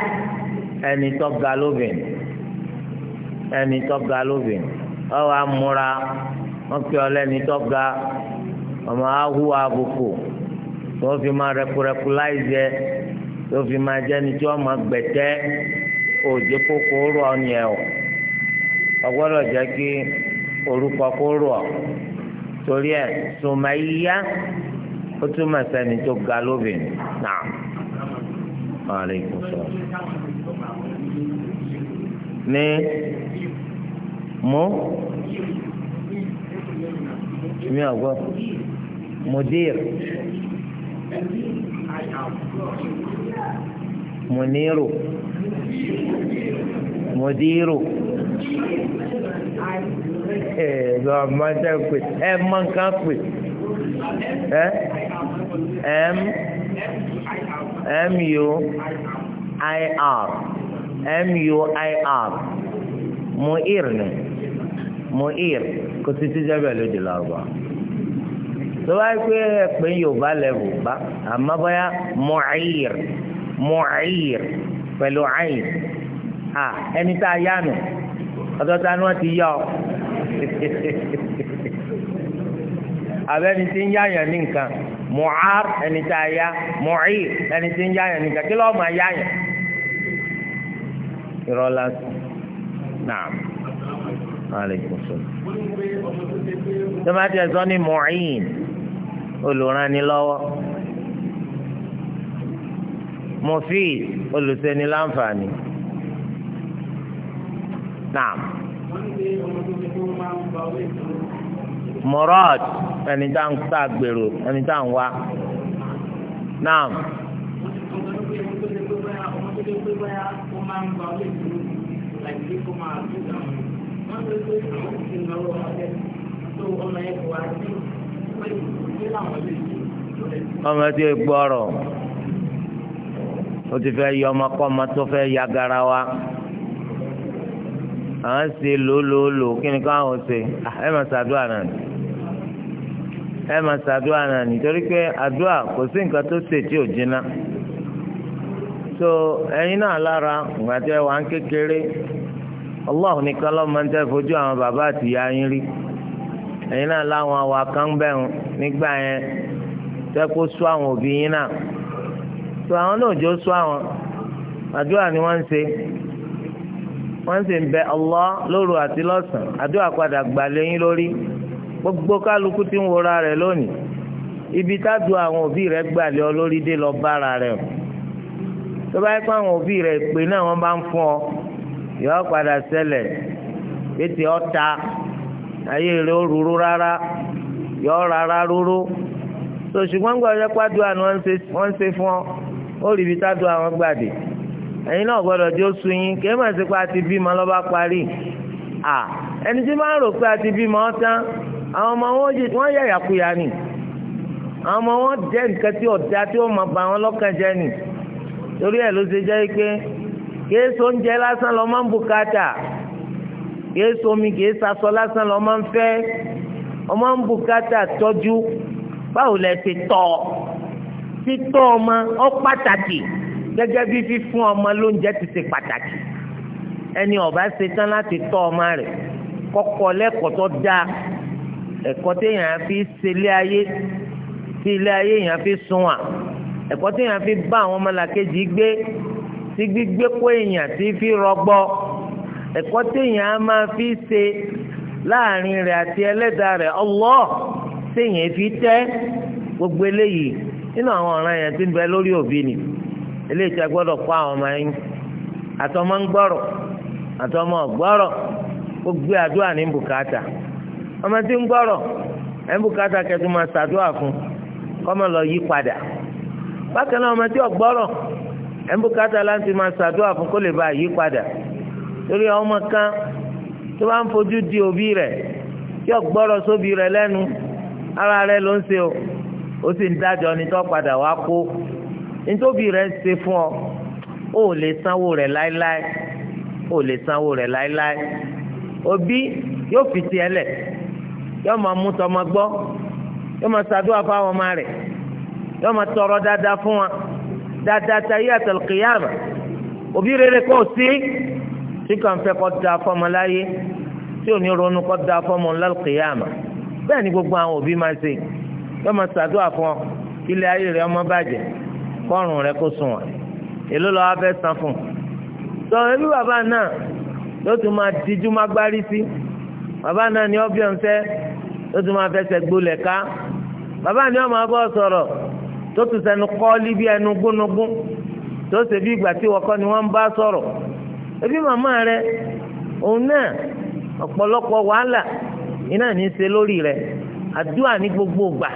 ẹni tó ga lóbìnrin ẹni tó ga lóbìnrin ọwọ amúra wọn pe ọ lẹni tó ga ọmọ ahuwa àbùkù tó fi máa rẹkurẹku òjò kókó rọ ọ ni ẹ o ọgbọ́dọ̀ jẹ́ kí orúkọ kó rọ ọ torí ẹ Sumayya ó túmọ̀ sẹ́ni tó ga lóbìnrin náà. Aleykum salaam. Ní mú mi àgbọ̀ mudir muniru mọ̀dírò ẹ̀ẹ́dọ̀ ọmọdé pè ẹ̀ mọ nǹkan pè ẹ̀ m m u i r m u i r muir ni muir kò sí ti jẹ́ bẹ́ẹ̀ lóde lọ́wọ́ tó bá yẹ pé ẹ̀pẹ́ yorùbá lẹ́wọ̀ bá àmọ́ bóyá muir muir pẹ̀lú ayin à ẹni tá a yánu ọ̀dọ̀ ta ni wọ́n ti yá ọ abẹ́ni tí ń yáyàn ní nǹkan mọ̀ár ẹni tí a yá mọ̀í ẹni tí ń yáyàn ní nǹkan kí lọ́ọ́ máa yáyàn. irọ́ lásán náà maaleykum salaam. tomati ẹ̀sọ́ ni mọ̀ín olùrànilọ́wọ́ mọ̀fí olùsẹ́ni láǹfààní naam. murad ẹni tá à ń gbèrò ẹni tá à ń wá naam. ọmọ tí o o ti fẹ́ yọ ọmọ tó fẹ́ ya garawa. à ń ṣe lòlòlò kí ni káwọn ṣe ẹ máa ṣàdúrà náà ni ẹ máa ṣàdúrà náà ni torí pé àdúrà kò sí nǹkan so ẹ̀yin náà lára ìgbà tí ẹ wà ń kékeré Allah nìkan ló máa ń tẹ́ fojú àwọn bàbá àti ìyá yín rí náà láwọn àwa kan nígbà yẹn tẹ́ kó sọ àwọn òbí yín náà so àwọn náà jó sọ àwọn àdúrà ni wọ́n ń wọ́n sì ń bẹ Allah lóru àti lọ́sàn-án àdúrà padà gbà lẹ́yìn lórí gbogbo kálukú tí ń wora rẹ̀ lónìí ibi tádu àwọn òbí rẹ̀ gbà lé ọ lórí dé lọ bára rẹ̀ o tó bá yẹ kó àwọn òbí rẹ̀ pé náà wọ́n bá ń fún ọ yọ padà ṣẹlẹ̀ pété ọ̀tá ayé rẹ̀ ó rúrú rárá yọ rárá rúrú tó ṣùgbọ́n gbọ́dọ̀ pàdé àwọn ń ṣe fún ọ ó rí ibi tádu àwọn gbàdé ẹ̀yin náà gbọ́dọ̀ jẹ́ oṣù yín kí ẹ má ṣe pé a ti bímọ lọ́ba parí à ẹni tí máa ń rò pé a ti bímọ tán àwọn ọmọ wọn yà yàkuyà ni àwọn ọmọ wọn jẹ́ nǹkan tí ọ̀dà tí ó máa bà wọn lọ́kàn jẹ́ ni torí ẹ̀ ló ṣe jẹ́ pé kéésì oúnjẹ lásán lọ máa ń bùkátà kéésì omi kéésì aṣọ lásán lọ máa ń fẹ́ ọmọ ń bùkátà tọ́jú báwo lẹ ti tọ́ títọ́ ọmọ ọ pàtàkì gẹ́gẹ́ bí fífún ọmọ lóúnjẹ ti ṣe pàtàkì ẹni ọba ṣetán láti tọ́ ọmọ rẹ̀ kọ́kọ́ lẹ́kọ̀ọ́ tó dáa ẹ̀kọ́ téèyàn fi ṣẹlẹ̀ ayé tí ilé ayé èèyàn fi sunwà ẹ̀kọ́ téèyàn fi bá àwọn ọmọlàkejì gbé tí gbígbé kó èèyàn tí fi rọgbọ ẹ̀kọ́ téèyàn máa fi ṣe láàrin rẹ̀ àti ẹlẹ́dàá rẹ̀ Allah téèyàn fi tẹ́ gbogbo eléyìí nínú àwọn ọ̀ràn yẹn ti ń bẹ lórí òbí ni. eléyìí tí a gbọ́dọ̀ kọ́ àwọn ọmọ yín àtọmọ ń gbọ́rọ̀ àtọmọ gbọ́rọ̀ ó gbé àdúrà ní bùkátà ọmọ tí ń gbọ́rọ̀ ẹ̀ ń bùkátà kẹtù máa ṣàdúrà fún kọ́mọ lọ yí padà bákan náà ọmọ tí ẹ̀ ń bùkátà láti máa ṣàdúrà fún kó lè di òbí tí lẹ́nu ara ló ń ṣe o ó sì nítòbí rẹ ṣe fún ọ ó lè sanwó rẹ láéláé ó lè sanwó rẹ láéláé òbí yóò fi tiẹ̀ lẹ̀ yóò máa mú tọmọ gbọ́ yóò máa ṣàdúrà fáwọn ọmọ rẹ̀ yóò máa tọrọ dáadáa fún wa dáadáa ta yí àtàlùkìyàmà òbí rere kò sí tí kàn fẹ́ kọ́ da fọmọ láyé tí ò ní ronú kọ́ da fọmọ lálùkìyàmà bẹ́ẹ̀ ni gbogbo àwọn òbí máa ṣe yóò máa ṣàdúrà fún ọ ilé ayé rẹ̀ ọmọ bàjẹ́ kọrùn rẹ kó sùn wọ̀n èló lọ́wọ́ fẹ́ san fún un. sọ ebi bàbá náà ló tún máa dijú má gbárí sí bàbá náà ní ọ́bí ọ̀nsẹ́ ló tún máa ká bàbá ni ọmọ abọ́ sọ̀rọ̀ tó tún sẹnu kọ́ọ́lí bí ẹnu gúnnugún tó ṣe bí ìgbà tí ni ń bá sọ̀rọ̀ ebi màmá rẹ òun náà ọ̀pọ̀lọpọ̀ wàhálà iná ní í ṣe lórí rẹ àdúrà ní gbogbo ìgbà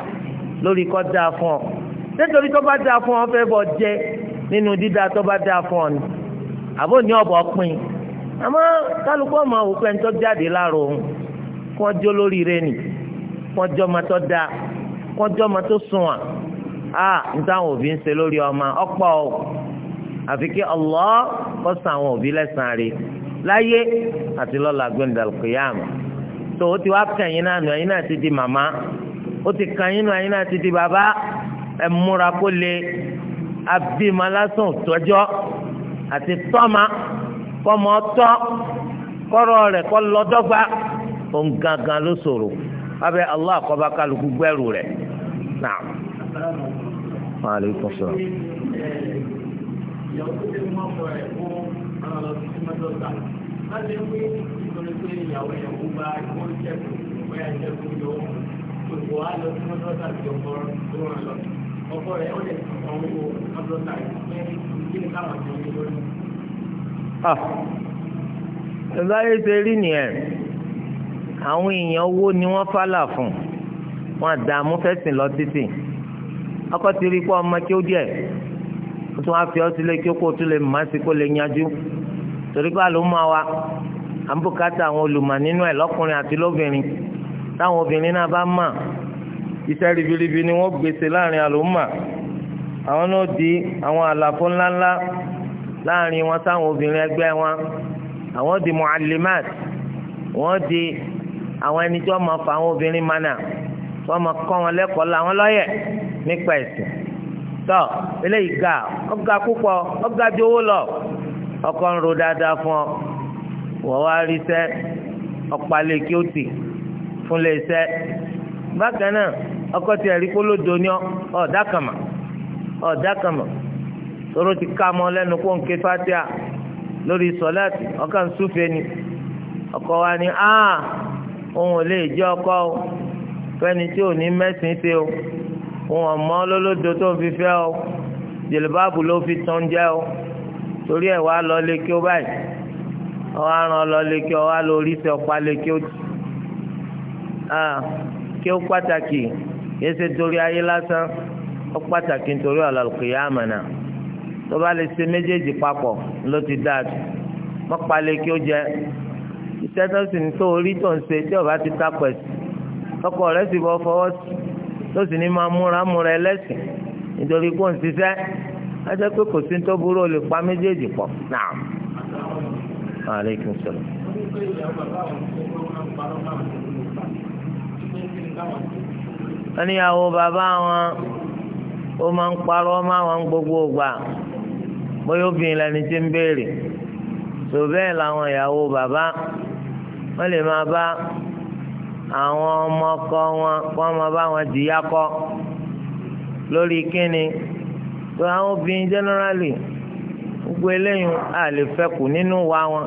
lórí fún ọ nítorí tó bá dáa fún ọ fẹ́ bọ̀ jẹ nínú dídá tó bá dáa fún ọ ni àbò ní ọ̀bọ̀ pin àmọ́ kálukú ọmọ òkú ẹni tó jáde láàrọ̀ òun kó ọjọ́ lórí rẹ nì kó ọjọ́ ọmọ tó dáa kó ọjọ́ ọmọ tó sùn à á nítawọn òbí ń ṣe lórí ọmọ ọ̀pọ̀ o àfi kí Allah kó san àwọn òbí lẹ́sàn-án rẹ̀ láyé àti lọ́la gbẹ̀ndàlùkìyàmù tó o ti wá kàn yín náà nù ẹ̀yin náà ti di màmá o ti kàn yín nù ẹ̀yin náà ti di bàbá ẹ múra kó lè abímọ lásán òtọ́jọ́ àti tọ́ma kọ́mọ tọ́ kọ́rọ̀ rẹ̀ kọ́ lọ́dọ́gba òun gangan ló ṣòro abẹ́ Allah kọ́ba kálukú gbẹ́rù rẹ̀ náà. Maaleykum salaam. Ìyàwó tó ti mú ọkọ rẹ̀ fún ọ̀nà lọ sí Mẹ́tọ́ta. Láti ẹ̀kú ìtọ́ni pé ìyàwó yẹn kú bá ìwọ́n jẹ́kù, bóyá jẹ́kù yọ òkú wa lọ sí Mẹ́tọ́ta tí ọkọ tó rán lọ ọkọ rẹ̀ ó lè fi àwọn owó abúlọ́tà rẹ̀ kí ni káwọn jẹ́ ní lórí. ìbáyé ah. ṣe rí nìyẹn àwọn èèyàn owó ni wọ́n fálà fún wọn àdààmú fẹ́sìn lọ títì ọkọ ti rí pé ọmọ kí ó díẹ̀ ó tún wá fi ọ sílé kí ó kó o tún lè má sí kó lè yanjú torí pé àlùmọ́ wa àbúkátà àwọn olùmọ̀ nínú ẹ̀ lọ́kùnrin àti lóbìnrin táwọn obìnrin náà bá mọ̀ iṣẹ́ ribiribi ni wọ́n gbèsè láàrin àlùmà àwọn náà di àwọn àlàfo ńláńlá láàrin wọn sáwọn obìnrin ẹgbẹ́ wọn àwọn di mu'allimat wọ́n di àwọn ẹni tí wọ́n máa fa àwọn obìnrin mana wọ́n máa kọ́ wọn lẹ́kọ̀ọ́ làwọn lọ́yẹ̀ nípa ẹ̀sìn tọ́ eléyìí ga ọ̀gá púpọ̀ ọ̀gá ju owó lọ ọkọ ń ro dáadáa fún ọ wọ́n wá rí iṣẹ́ ọ̀pálẹ̀ kí ó tì fún iṣẹ́ bákan náà ọkọ tí ẹ̀rí kólódo ni ọ̀dà kàmà ọ̀dà kàmà tóró ti ká mọ́ lẹ́nu kó ń ké fatia lórí sọ́láàtì ọkàn súfèé ni ọkọ wa ni áà òun ò lè jẹ́ ọkọ o fẹ́ni tí ò ní mẹ́sìn ṣe o òun ọ̀mọ́ lólódo tó ń fi fẹ́ o jìlìbáàbù ló fi tán jẹ́ o torí ẹ̀ wá lọ lé ó báyìí ọwọ́ aràn lọ lé kí ọwọ́ lórí ṣe ọ̀pá lé ó tì kí ó pàtàkì kìí ṣe torí ayé lásán ó pàtàkì nítorí àlàkìyámà náà tó bá lè ṣe méjèèjì papọ̀ ló ti dáa jù wọ́n palẹ̀ kí ó jẹ iṣẹ́ tó sì ń tó orí tó ń se tí ọba ti tapọ̀ ẹ̀sìn ọkọ rẹ̀ sì bọ́ fọwọ́ sí tó sì ní máa múra múra ẹlẹ́sìn nítorí kó ń ṣiṣẹ́ ajẹ́ pé kò sí tó burú o lè pa méjèèjì pọ̀ náà. Aleykum salaam wọ́n níyàwó bàbá wọn ó máa ń parọ́ máwọn gbogbo ògbà bóyá obìnrin lẹni tí ń béèrè tó bẹ́ẹ̀ làwọn ìyàwó bàbá wọ́n lè máa bá àwọn ọmọ ọkọ wọn kọ́ máa bá wọn dìyà kọ́ lórí kíni tó àwọn obìnrin generally gbogbo eléyìí a lè fẹ́ nínú wa wọn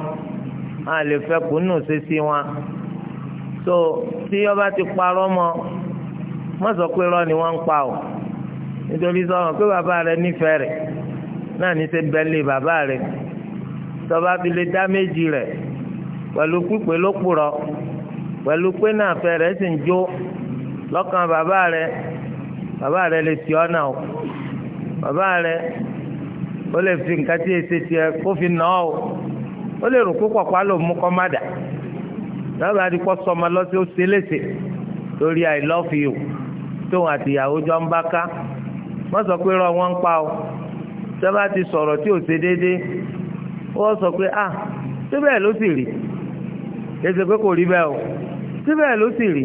a lè fẹ́ nínú sísí wọn so tí ọba ti parọ́ mọ́ wọ́n sọ pé irọ́ ni wọ́n ń pa o nítorí sọ̀rọ̀ pé bàbá rẹ nífẹ̀ẹ́ rẹ̀ náà ní ṣe bẹ́lẹ̀ bàbá rẹ̀ tọ́ba fi lè dá méjì rẹ̀ pẹ̀lú pípé ló purọ́ pẹ̀lú pé náà fẹ́ rẹ̀ sì ń jó lọ́kàn bàbá rẹ̀ bàbá rẹ̀ lè fi ọ́ náà o bàbá rẹ̀ ó lè fi nǹkan tí èsì tiẹ̀ kó fi nà ọ́ o ó lè rò púpọ̀ pa ló mú kọ́ má dà lọ́ba adìpọ̀ sọmọ lọ́sí ó ṣe léṣe lórí i love you. tóun àtìyàwó jọ ń bá ká wọ́n sọ pé rọ wọ́n ń pa o sábà ti sọ̀rọ̀ tí ò ṣe dédé wọ́n sọ pé ah síbẹ̀ ló sì rí èsì pé kò rí bẹ́ẹ̀ o síbẹ̀ ló sì rí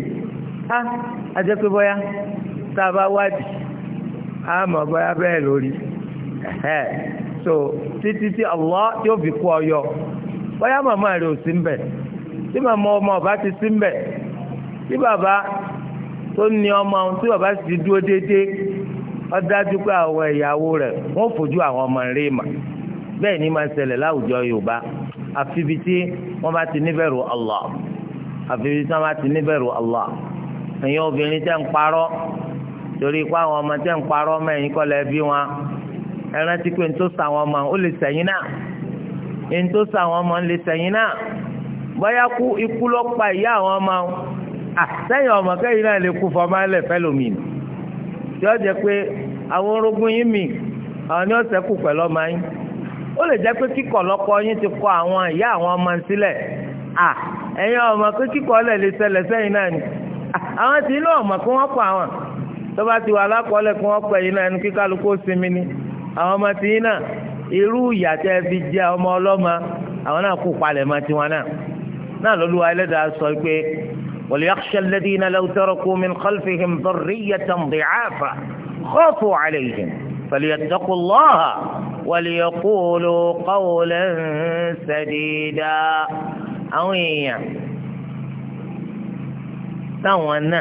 ah ajẹ́ pé bọ́yá tá a bá wádìí a mọ̀ bọ́yá bẹ́ẹ̀ lórí so títí tí ọ̀lọ́ tí fi kú ọyọ bọ́yá màmá rẹ̀ ò sí ń bẹ̀ tí màmá ọmọ ọba ti sí ń bẹ̀ tí bàbá tó ní ọmọ ohun tí bàbá sì dúró déédéé ó dájú pé àwọn ìyàwó rẹ̀ wọ́n fojú àwọn ọmọ rè mà bẹ́ẹ̀ ni máa láwùjọ Yorùbá àfi tí wọ́n bá ti níbẹ̀rù Allah àfi tí ti obìnrin tẹ́ ń parọ́ torí àwọn ọmọ ń ọmọ bí wọn pé nítorí ọmọ ó lè náà nítorí ọmọ Ah, sẹ́yìn ọmọ kẹ́yìn náà lè kú fọmá lẹ̀ fẹ́lómi tí ó jẹ pé àwọn orogún yín mi àwọn ni ó ṣẹ́kù pẹ̀lú ọmọ yín ó lè jẹ́ pé kíkọ̀ lọ́kọ yín ti kọ àwọn ìyá àwọn ọmọ sílẹ̀ à ah, ẹ̀yin ọmọ pé kíkọ̀ lẹ̀ lè sẹ́yìn náà ni ah, àwọn inú ọmọ kí wọ́n àwọn tó bá ti wà yín náà ọmọ àwọn náà palẹ̀ mọ́ tiwọn náà náà ẹlẹ́dàá sọ وليخشى الذين لو تركوا من خلفهم ذرية ضعافا خافوا عليهم فليتقوا الله وليقولوا قولا سديدا àwọn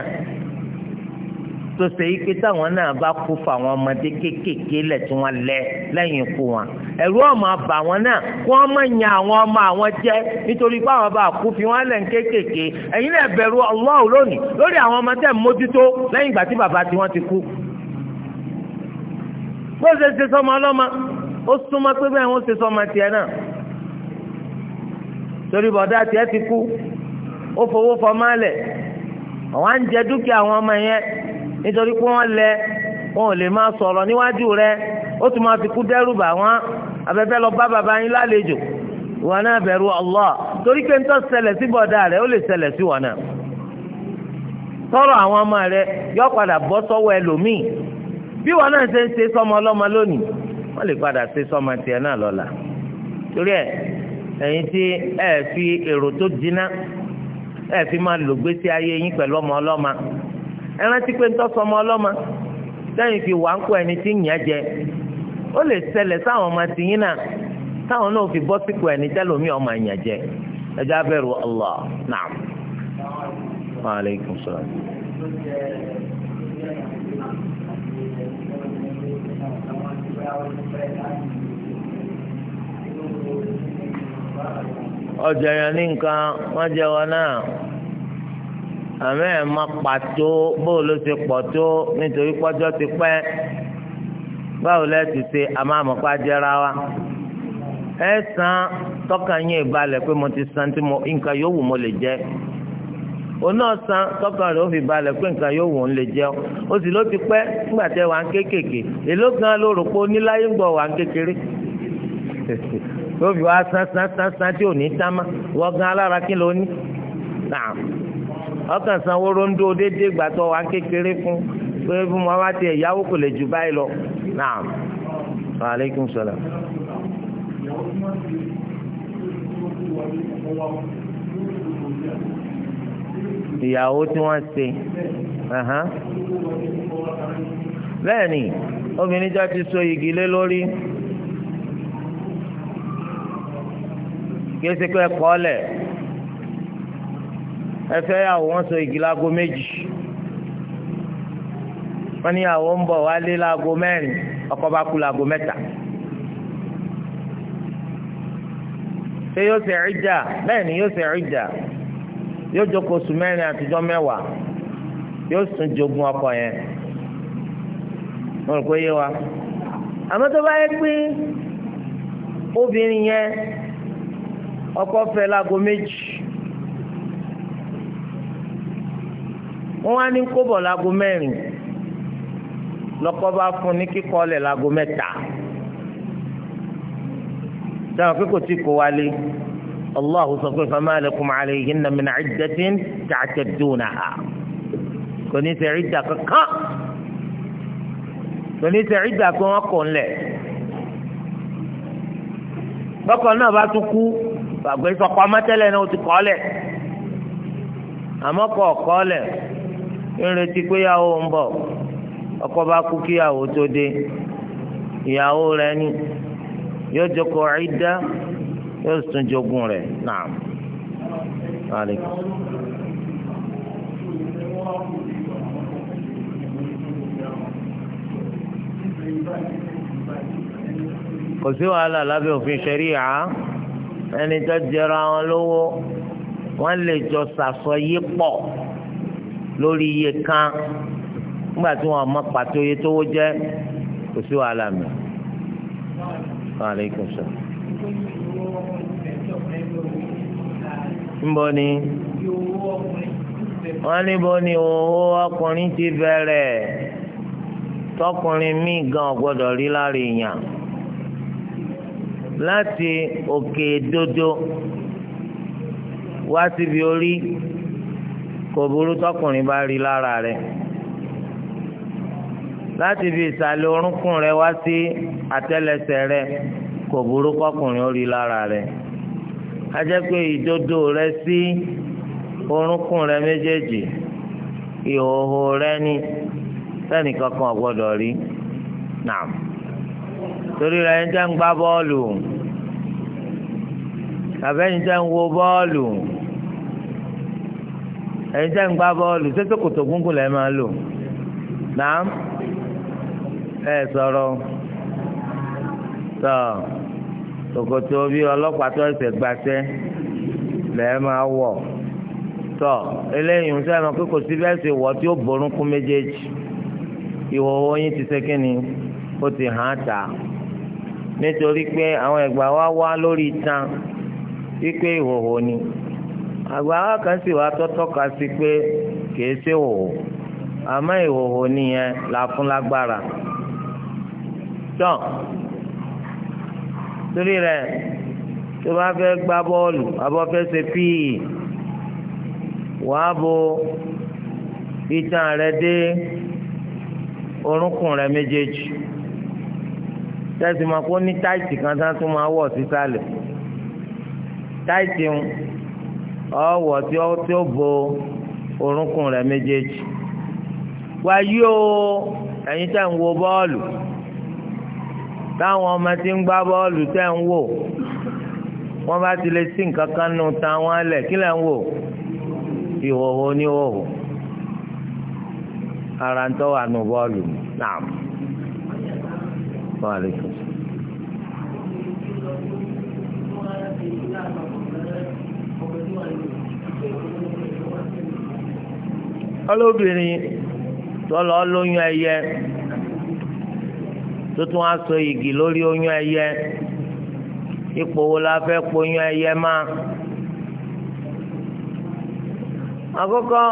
tose ṣe yí táwọn náà bá kú kekeke ọmọdé kéékèèké lẹ̀ tí wọ́n lẹ wọn ẹ̀rú ọmọ àbà wọn náà kí wọ́n má yan àwọn ọmọ àwọn jẹ́ nítorí pé àwọn bá fi wọ́n lẹ̀ kéékèèké ẹ̀yin náà bẹ̀rù Allah lónìí lórí àwọn ọmọ mójútó lẹ́yìn ìgbà tí bàbá ti kú. bó ṣe ṣe sọmọ ọlọ́mọ ó súnmọ́ pé bẹ́ẹ̀ wọ́n ṣe sọmọ náà torí ti kú ó fowó àwọn à nítorí pé wọ́n lẹ wọn ò lè máa sọ̀rọ̀ níwájú rẹ ó tún máa fi kú dẹ́rù bà wọ́n abẹ́fẹ́ lọ bá bàbá yín lálejò ìwọ náà bẹ̀rù Allah torí pé nítorí ṣẹlẹ̀ sí bọ̀dá rẹ ó lè ṣẹlẹ̀ sí wọn náà tọrọ àwọn ọmọ rẹ yọ padà bọ́ sọ́wọ́ ẹlòmíì bí wọn náà ṣe ń ṣe sọmọ ọlọ́mọ lónìí wọ́n lè padà ṣe sọmọ tiẹ̀ náà lọ́la torí ẹ ẹ̀yin tí ẹ fi èrò tó dínà ẹ fi máa lògbé sí ayé yín pẹ̀lú ọmọ ọlọ́mọ ẹ rántí pé ọmọ ọlọ́mọ lẹ́yìn fi wà ń ẹni tí ń jẹ ó lè ṣẹlẹ̀ sáwọn ọmọ tìyín náà táwọn náà fi bọ́ sípò ẹni ọmọ yàn jẹ ẹjọ́ abẹ́rù Allah naam. salaam. ọjà yẹn ní nǹkan wọn àmọ́ ẹ̀ má pàtó bóò ló ṣe pọ̀ tó nítorí pọ́jọ́ ti pẹ́ báwo lẹ́ ti ṣe àmàmùpá jẹ́ra wa ẹ san tọ́kàn yín ìbalẹ̀ pé mo ti san tí mo nǹkan mo lè jẹ́ O náà san tọ́kàn rẹ̀ ó fi balẹ̀ pé nǹkan yóò wù ń lè jẹ́ si sì ló ti pẹ́ nígbà tẹ́ wà ń kékèké èló gan ló rò pé san san san san tí ò ní wọ́n gan alára kí ọkàn sanwó rondo déédéé gbàtọ́ wa kékeré fún pé fún wọn bá tiẹ̀ yáwó kò lè jù báyìí lọ naam aleykum salaam. ìyàwó tí wọ́n ṣe bẹ́ẹ̀ ni obìnrin tó ti so igi lé lórí kí ẹ ṣe pé ẹ kọ́ ọ lẹ̀. Efe fẹ́ yàwó wọn sọ igi láago méjì wọn ní yàwó ń bọ̀ wálé láago mẹ́rin ọkọ bá kú láago mẹ́ta ṣé yóò ṣe ìdá bẹ́ẹ̀ ni yóò ṣe yóò jókòó yóò sùn wọ́n wá ní kóbọ̀ láago mẹ́rin lọ́kọ́ bá fún ní kíkọ́lẹ̀ láago mẹ́ta dáhùn pé kò tí kò wálé allah sọ pé fama lakum alayhinna min iddatin ta'taddunaha kò ní kankan kò ní sẹ́ ìdá pé wọ́n kò ń lẹ̀ bọ́kọ̀ náà bá tún ń retí pé ìyàwó ń bọ̀ ọkọ bá kú kí ìyàwó tó dé ìyàwó rẹ̀ ni yóò jókòó ìdá yóò tún jogún rẹ̀ náà. kò sí wàhálà lábẹ́ òfin ṣẹ̀ríà ẹni tó jẹra wọn lówó wọ́n lè jọ sàsọ yí pọ̀ lórí iye kan nígbà tí wọn mọ pàtó iye tówó jẹ kò sí wàhálà mi. Aleykum salaam. Nbọ ni wọ́n níbo ni owó ọkùnrin ti bẹ̀rẹ̀ tọkùnrin míì gan ọ̀gbọ́dọ̀ rí lára èèyàn láti òkè dodo wá síbi orí. kò burú tọkùnrin bá rí lára rẹ láti fi ìsàlẹ̀ orúnkún rẹ wá sí àtẹ́lẹsẹ̀ rẹ kò burú kọkùnrin ó rí lára rẹ a jẹ́ pé ìdodo rẹ sí orúnkún rẹ méjèèjì ìhòòhò rẹ ni sẹ́ni kankan ọ̀gbọ́dọ̀ rí náà torí ń wo bọ́ọ̀lù. ẹ̀yin tẹ́ ń gbá bọ́ọ̀lù ṣé ṣòkòtò gúngùn lẹ́ máa lò náà ẹ sọ̀rọ̀ tọ́ ṣòkòtò bí ọlọ́pàá tó ẹsẹ̀ gbaṣẹ́ lẹ́ máa wọ̀ tọ́ eléyìí sẹ́ ma kókò sí bẹ́ẹ̀ ṣe wọ̀ tí ó borún kún méjèèjì ìhòòhò yín ti ṣe kínni ó ti hàn án ta nítorí pé àwọn ẹ̀gbà wa wá lórí itan wípé ìhòòhò ni àgbàrá kan sì wá tọ́tọ́ ka sí pé kìí ṣe òhò àmọ́ ìhòhò nìyẹn là fún lágbára. tán torí rẹ̀ tó bá fẹ́ gbá bọ́ọ̀lù àbọ̀ fẹ́ ṣe píì wàá bo itan rẹ dé orúnkún rẹ méjèèjì tẹ̀sí ma kó ní táìtì kan tán tó máa wọ̀ sísàlẹ̀ táìtì ń ọwọ́ tí ó tí ó bo orúnkún rẹ̀ méjèèjì wáyé o ẹ̀yin tẹ́ ń wo bọ́ọ̀lù táwọn ọmọ tí ń gbá bọ́ọ̀lù tẹ́ ń wò wọ́n bá ti lè sí nǹkan kan nù táwọn alẹ̀ kí lẹ́ ń wò ìhòòhò oníhòòhò ara ń tọ́wà nù bọ́ọ̀lù náà wọ́n á lè fún un. ọlọ́bìnrin tó lọ lóyún ẹyẹ tó tún á sọ igi lórí oyún ẹyẹ ipò wo la fẹ́ poyún ẹyẹ máa. àkọ́kọ́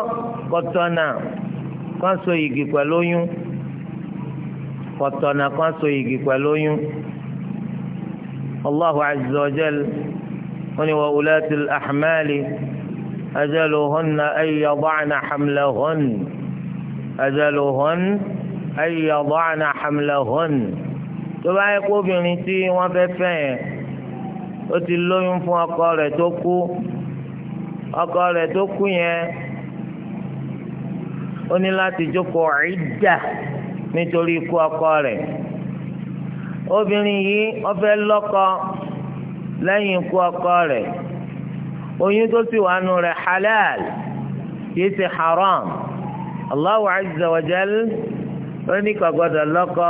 kọ̀tọ̀nà kan so igi pẹ̀lú oyún kọ̀tọ̀nà kan so igi pẹ̀lú oyún Allahu azza wa jalla. wọ́n ní wa ulatil ahmali ajaluhunna an yada'na hamlahun ajaluhun an yada'na hamlahun tó bá yẹ kó obìnrin tí wọ́n fẹ́ fẹ́ yẹn ó ti lóyún fún ọkọ rẹ̀ tó kú ọkọ rẹ̀ tó kú yẹn ó ní láti jókòó ìdà nítorí ikú ọkọ rẹ̀ obìnrin yìí ó fẹ́ lọ́kọ lẹ́yìn ikú ọkọ rẹ̀ oyún tó sì wà nù rẹ̀ halal kìí ṣe haram Allahu azza wa jal ó ní kò gbọdọ̀ lọ́kọ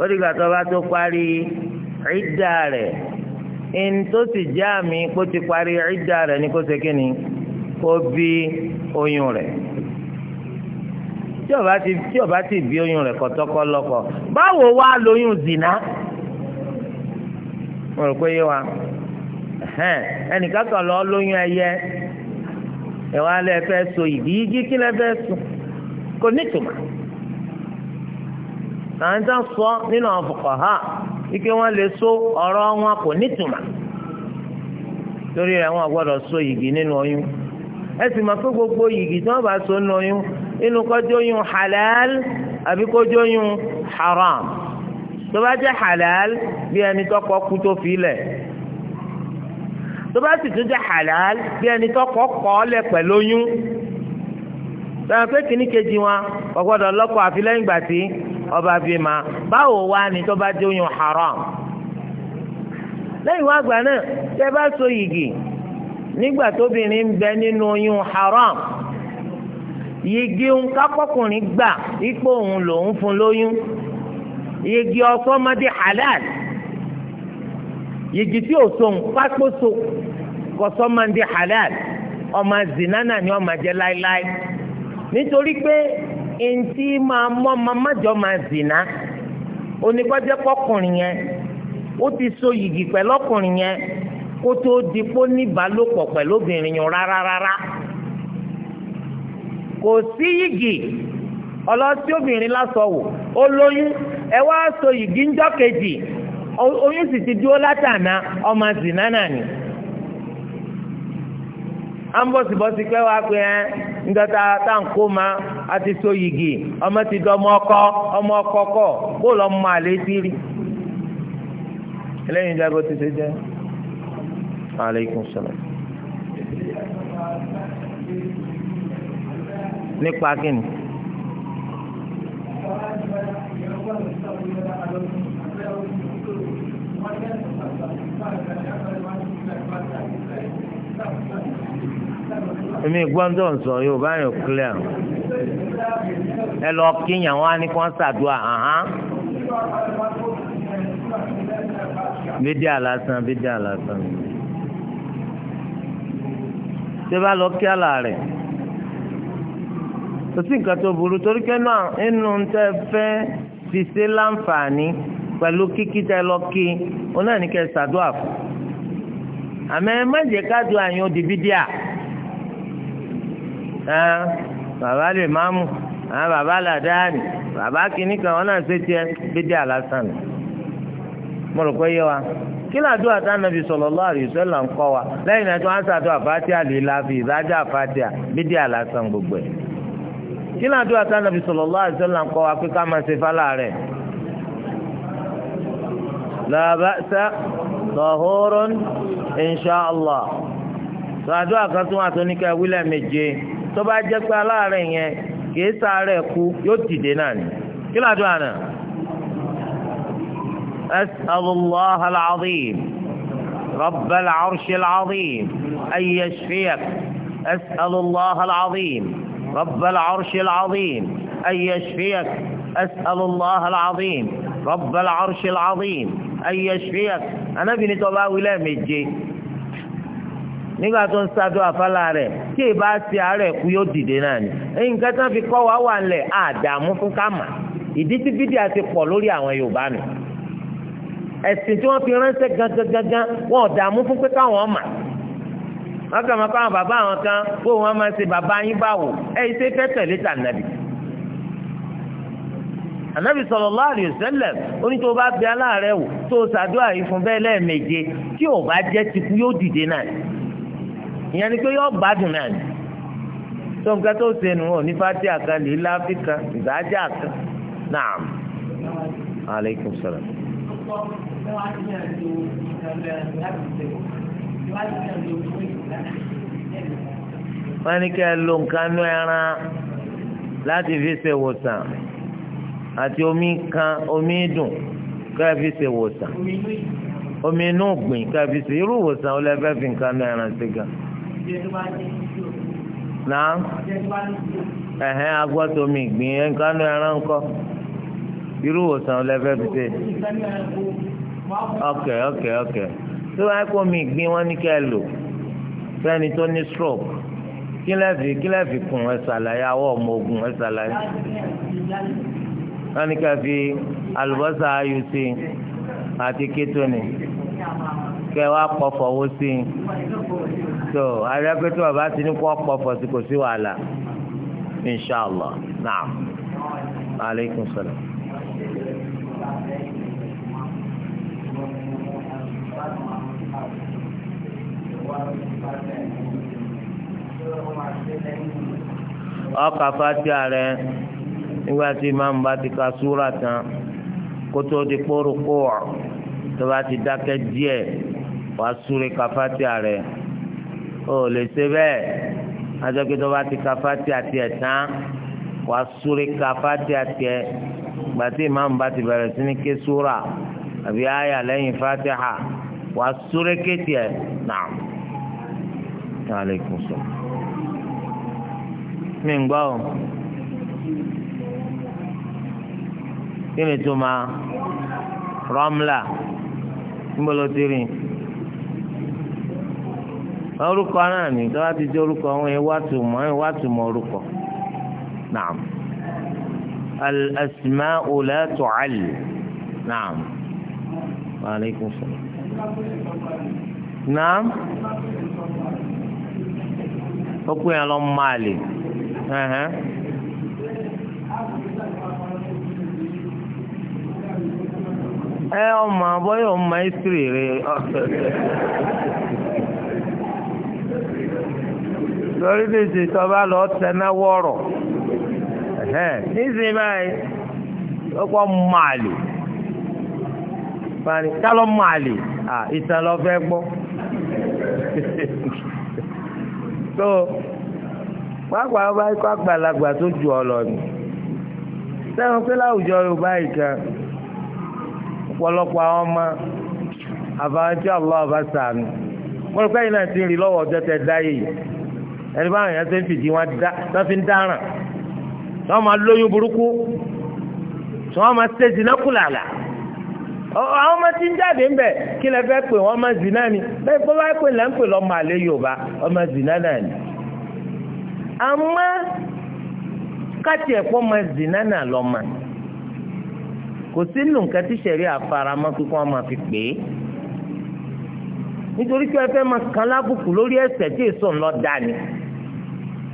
ó dìgbà tó bá tó parí ìdá rẹ̀ ẹni tó sì já mi kó ti parí ìdá rẹ̀ ní kó ṣe kí ni kó bí oyún rẹ̀ tí ó ti bí oyún rẹ̀ kò tọ́kọ lọ́kọ báwo wá lóyún zina. mo rò pé yé wa ẹnìkan lọ lóyún ẹyẹ ẹ wá so ìdí igi kí lẹ kò ike wọn lè so ọrọ wọn kò nítumọ̀ torí rẹ̀ wọn so yìgì nínú oyún ẹ sì máa pé gbogbo yìgì tí wọn bá so nínú oyún inú kọjú oyún àbí kọjú haram. tó bá halal bí ẹni tọkọ kú tó fi lẹ̀ tó sì tún jẹ́ halal bí ẹni tọkọ kọ́ lẹ̀ pẹ̀lú oyún sọ̀rọ̀ pé kìíní kejì wọn kò gbọ́dọ̀ lọ́kọ àfi lẹ́yìn ìgbà tí ọba bíi ma báwo wá ni tó bá jẹ́ oyún haram lẹ́yìn wá gbà náà tẹ́ bá so yìgì nígbà tóbìnrin ń bẹ nínú oyún haram yìgì ń kápọ́kùnrin gbà ipò òun lòún fún lóyún igi ọsọmọdé halal igi tí o so nkpákpóso kọsọmọdé halal ọmọ zinana ni ọmọ jẹ láéláé nítorí pé eŋti máa mọ ọmọ zina onígbàjẹ kọkùnrin yẹn ó ti so yìgì pẹ̀lú ọkùnrin yẹn kó tó di pó níbàálòpọ̀ pẹ̀lú obìnrin yẹn rárá rárá kò sí yìgì. ọlọ́sí obìnrin lásọ̀wò olóyún ẹ wá so yìgì ńjọ́ kejì oyún sì ti dúró látàná ọmọ zìnnà náà ni. à ń bọ̀sibọ́sí pé wá ẹ́ ńdọ́ta tá à ń kó ma a ti so yìgì ọmọ ọmọ ọkọ ọmọ ọkọ kọ kó lọ́ mọ àlè èmi gbọ́ndọ̀ ń sọ yóò báyìí clear ẹ lọ kíyàn wá ní kọ́nsàdúà ahán bídí àlásán bídí àlásán ṣé bá lọ kí àlà rẹ̀ kò sí nǹkan tó burú torí pé náà inú tẹ́ fẹ́ fi ṣe láǹfààní pẹ̀lú kíkí tẹ́ lọ kí òun náà ní kẹ́ ṣàdúrà fún àmọ́ ẹ má jẹ́ káàdùn àyàn òdì bídíà bàbá lè má mú àwọn bàbá làdáàni bàbá kìíní kan wọn náà ṣe tiẹ̀ bídíà lásán mo rò pé yé wa kílàdó àtànàbì sallallahu alaihi wasallam ń kọ́ wa lẹ́yìn náà tí wọ́n á ṣàdó àfáàtì àlè láfi ìdájọ́ àfáàtì à bídíà lásán gbogbo ẹ̀ kí náà dúró àtàwọn nàbì sallallahu alaihi wasallam kọ́ wa pé ká máa ṣe fálà rẹ̀ la ba'sa tahurun insha Allah sàdó àkàtún àtúnikà wílẹ̀ méje tó bá jẹ́ pé aláàárẹ̀ yóò dìde náà ni kí náà dúró àná. أسأل الله العظيم رب العرش العظيم أن يشفيك أسأل الله العظيم رب العرش العظيم أن يشفيك أسأل الله العظيم رب العرش العظيم أن يشفيك أنا بني طبعا ولا مجي nígbà tó ń sádó àfàlà rẹ̀ tí ìbá ti àárẹ̀ kú yóò dìde náà ni nǹkan tó fi kọ́ wá wà lẹ̀ àdààmú fún kámà ìdí tí fídíà ti pọ̀ lórí àwọn Yorùbá nù ẹ̀sìn tí wọ́n fi ránṣẹ́ gangan gangan wọn ò dààmú fún pé káwọn mà wọn kà máa kọ́ àwọn bàbá àwọn kan bó wọn máa ṣe bàbá yín báwò ẹ ṣe fẹ́ tẹ̀lé tà nàbì. ànábì sallallahu alaihi wasallam oní tó bá bẹ aláàárẹ̀ wò tó ṣàdúrà yìí fún bẹ́ẹ̀ lẹ́ẹ̀méje tí o bá jẹ́ tikú yóò dìde náà ìyẹn ni pé yóò gbádùn náà ni tó nǹkan tó ṣe nù a ní fati àkàn lílá áfíríkà ìdájà àkàn náà aleykum salaam. wọ́n ní kẹ́ ẹ lo nkanu nú ẹran láti fi ṣe wòsàn àti omi kan omi dùn kẹ́ ẹ fi ṣe wòsàn omi inú gbìn kẹ́ ẹ fi ṣe irú wòsàn ó lẹ́ fẹ́ fi nkanu nú ẹran sí gan. náà ẹ̀hẹ́n agbọ́tò mi gbìn nǹkan nú ẹran ńkọ́ irú wòsàn ó fẹ́ fi ṣe. ok ok ok. tó wáá kó mi gbin wọn ní kí ẹ lò fẹ́ni tó ní stroke kílẹ̀fì kílẹ̀fì kùn ẹ ṣàlàyé àwọ̀ ọmọ ogun ẹ ṣàlàyé wọn ní kí ẹ fi àlùbọ́sà ayò sí i àti kétóni kẹ wá pọfọ wó sí i tó àrẹ́pẹ́tù bàbá ti ní kó pọfọ sí kò sí wàhálà inshàlá naam aleykum salaam. ọkà fatia rẹ nígbà tí imaamu bá ti ka súra tán kótó di kpórukó tó bá ti dákẹ́ díẹ̀ wàá súre ka fatia rẹ ó lè ṣe bẹ́ẹ̀ adókè tó bá ti ka fatia tiẹ̀ tán wàá súre ka bá ti bẹ̀rẹ̀ ké súra àbí nàá. alaikum salaam. mi ń gbọ́ o kí ni tó máa rọ́mlà níbo ló ti rìn orúkọ náà ní tó bá ti jẹ́ orúkọ wọn ẹ wá tó mọ̀ ẹ wá tó mọ̀ orúkọ náà al-asma'u la tu'all náà wàhálà ikú ó pè lọ máa lè ẹ ọmọ bọ́yọ̀ ọmọ ìsírì rẹ lórí lèṣe tó bá lọ tẹná wọ̀rọ̀ nísìnyí báyìí ó kọ́ máa lè ìtàn lọ fẹ́ gbọ́. tó pápá ọba ikọ̀ àgbàlagbà tó ju ọ̀lọ́ ni sẹ́wọ̀n pé láwùjọ yorùbá ìjà ọ̀pọ̀lọpọ̀ àwọn ọmọ àfàwọn tí ọlọ́ ọba sànù mo rò pé yìí náà ti ń rí lọ́wọ́ ọjọ́ tẹ dá yìí ẹni báwọn èèyàn ṣe ń fìdí wọn dá wọn fi ń dáràn wọn máa lóyún burúkú wọn máa ṣe jìnnà kùlàlà. àwọn ọmọ tí ń jáde ń bẹ̀ kí lẹ fẹ́ pè wọ́n ọmọ zina ni bẹ́ẹ̀ bó bá pè lẹ́ ń pè lọ́mọ àlẹ́ yorùbá ọmọ zina náà ni. àmọ́ káàtì ẹ̀kọ́ ọmọ zina náà lọ́mọ kò sí nù nǹkan tí sẹ̀rí àfaramọ́ kíkọ́ ọmọ fi pè é nítorí pé ẹ fẹ́ máa kan lábùkù lórí ẹ̀ṣẹ̀ tí èso ńlọ dá ni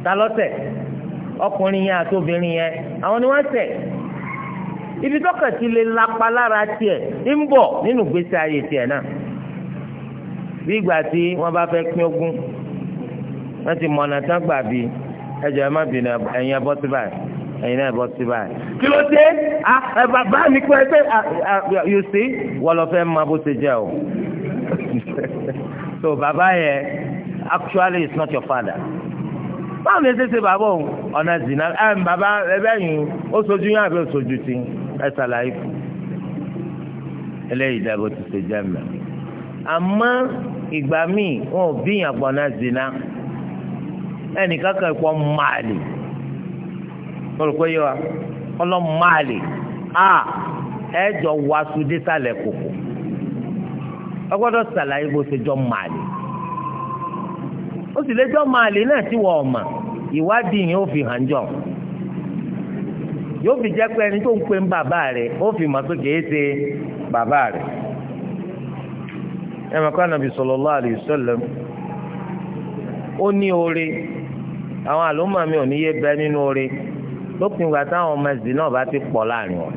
ta lọ́ṣẹ̀ ọkùnrin yẹn àti obìnrin yẹn àwọn ni wọ́n ibi tọ́kàn ti lè lapa lára tiẹ̀ ń bọ̀ nínú gbèsè ayé tiẹ̀ náà bí ìgbà tí wọ́n bá fẹ́ pín ogún wọ́n ti mọ̀nà tán gbà bí ẹjọ́ ẹ má bínú ẹ̀yin ẹbọ sí báyìí ẹ̀yin náà ẹbọ sí báyìí kí ló dé ẹ bàbá mi pé you see wọ́n lọ fẹ́ máa bó ṣe jẹ́ o so bàbá yẹn actually is not your father báwo ni ẹ ṣe ṣe bàbá òun ọ̀nà zina ẹ̀ ń bàbá ẹ bẹ́ẹ̀ yìí ó sojú yín àbí ó sojú tí ẹ ṣàlàyé fún eléyìí ìdàgbò ti ṣe jẹ́ mẹ́. àmọ́ ìgbà míì wọn ò bí ìyàgbọ́ náà zina ẹnìkan kan pọ̀ máàlì mo rò pé yẹ wa a ẹ jọ wàásù désàlẹ̀ kòkò ẹ gbọ́dọ̀ ṣàlàyé bó ṣe jọ máàlì ó sì lè jọ máàlì náà tí wọ́n ọ̀ mà ìwádìí yẹn ó fi hàn jọ yóò fi jẹ́ pé ẹni tó ń pe ń bàbá rẹ̀ ó fi mọ̀ pé kìí ṣe bàbá rẹ̀. ẹ mọ̀ ká nàbì sallallahu alaihi wasallam ó ní oore àwọn àlùmọ̀ mi ò ní yé bẹ nínú oore lópin ìgbà táwọn ọmọ ẹ̀sìn náà bá ti pọ̀ láàrin wọn.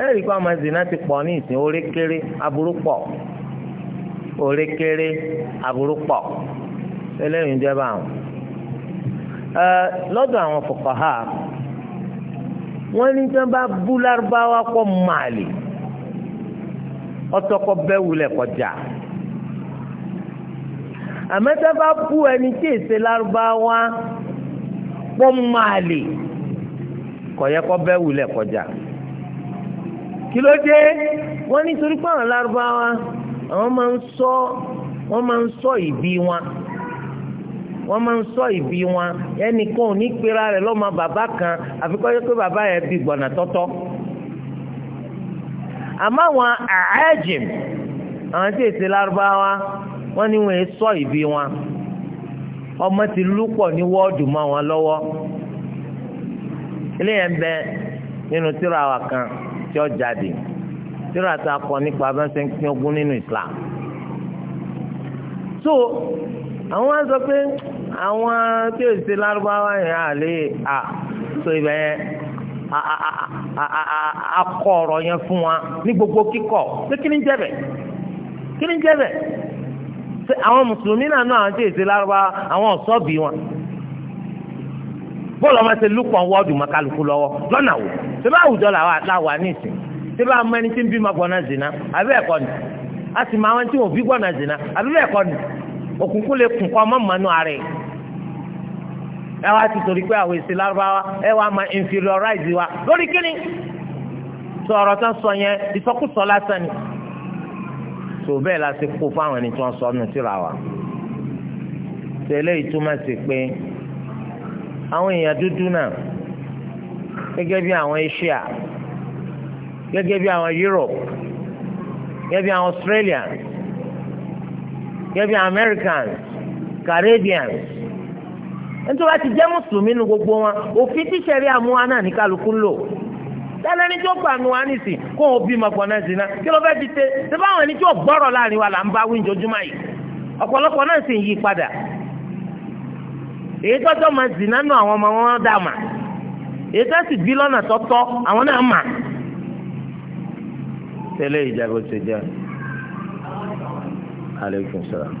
ẹ rí i pé ọmọ ẹ̀sìn náà ti pọ̀ ní ìsìn oore kéré aburú pọ̀ oore kéré aburú pọ̀ eléyìí jẹ́ báwọn. lọ́dọ̀ àwọn fuqaha wọ́n ní tí wọ́n bá bú lárúbáwá kọ́ màálì ọtọkọ bẹ́ẹ̀ wulẹ̀ kọjá àmọ́ tí wọ́n bá bú ẹni tí èsè lárúbáwá kọ́ màálì kọ̀yẹ́ kọ́ bẹ́ẹ̀ wulẹ̀ kọjá kí ló dé wọ́n nítorí pé àwọn lárúbáwá àwọn máa ń sọ wọ́n máa ń sọ ìbí wọn wọ́n máa ń sọ ìbí wọn ẹnìkan ò ní pera rẹ̀ lọ́mọ bàbá kan àfikọ́ yẹ pé bàbá yẹn bí gbọ̀nà tọ́tọ́ àmọ́ àwọn àájìm àwọn tí èsì lárúbáwá wọ́n ní wọ́n sọ ìbí wọn ọmọ ti lúpọ̀ ní wọ́ọ̀dù mọ́ wọn lọ́wọ́ ilé yẹn bẹ nínú tírà wa kan tí ó jáde tírà tá kọ nípa abẹ́sẹ̀ ń pín ogún nínú Islam so àwọn wá sọ pé àwọn tí ò ṣe lárúbáwá yẹn à lè à so ibẹ̀ yẹn akọ ọ̀rọ̀ yẹn fún wa ní gbogbo kíkọ pé kí ni jẹ́ bẹ̀ kí ni jẹ́ bẹ̀ àwọn mùsùlùmí náà náà àwọn tí ò ṣe lárúbáwá àwọn ọ̀ṣọ́ bí wọn bọ́ọ̀lù ọmọ ṣe lùpọ̀ wọ́ọ̀dù mọ́ kálukú lọ́wọ́ lọ́nà wò ṣé bá àwùjọ làwà nísìn ṣé bá mọ ẹni tí ń bímọ gbọ́nà zina àbí ẹ̀kọ́ ni a sì mọ àwọn tí wọn ò bí gbọ́nà zina àbí ẹ̀kọ́ ni òkùnkùn lè kùn kọ́ ọmọ mọ́nú ara ẹ̀ ẹ wá ti torí pé àwọn lárúbáwá ẹ wá máa inferiorize wa lórí kíni sọ ọ̀rọ̀ tán sọ yẹn ìsọkúsọ lásán ni tó bẹ́ẹ̀ la ti kó fáwọn ẹni tí wọ́n sọ nù síra wa tẹ́lẹ̀ ìtumọ̀ sí pé àwọn èèyàn dúdú náà gẹ́gẹ́ bí àwọn Asia gẹ́gẹ́ bí àwọn Europe gẹ́gẹ́ bí àwọn Australia gẹ́gẹ́ bí Americans Caribbeans nítorí wọ́n ti jẹ́ mùsùlùmí nu gbogbo wọn òfin tíṣẹ̀rí àmúwa náà ní kálukú lò tẹ́lẹ̀ ní o bí ma gbọ́ náà sìn náà kí ló fẹ́ ti tẹ́ ṣé báwọn ẹni tí gbọ́rọ̀ láàrin wa là ń bá wí njojúmọ́ yìí ọ̀pọ̀lọpọ̀ náà sì ń yí padà èyí tọ́jọ́ máa àwọn ọmọ wọn mà èyí tọ́ sì alaikum salaam.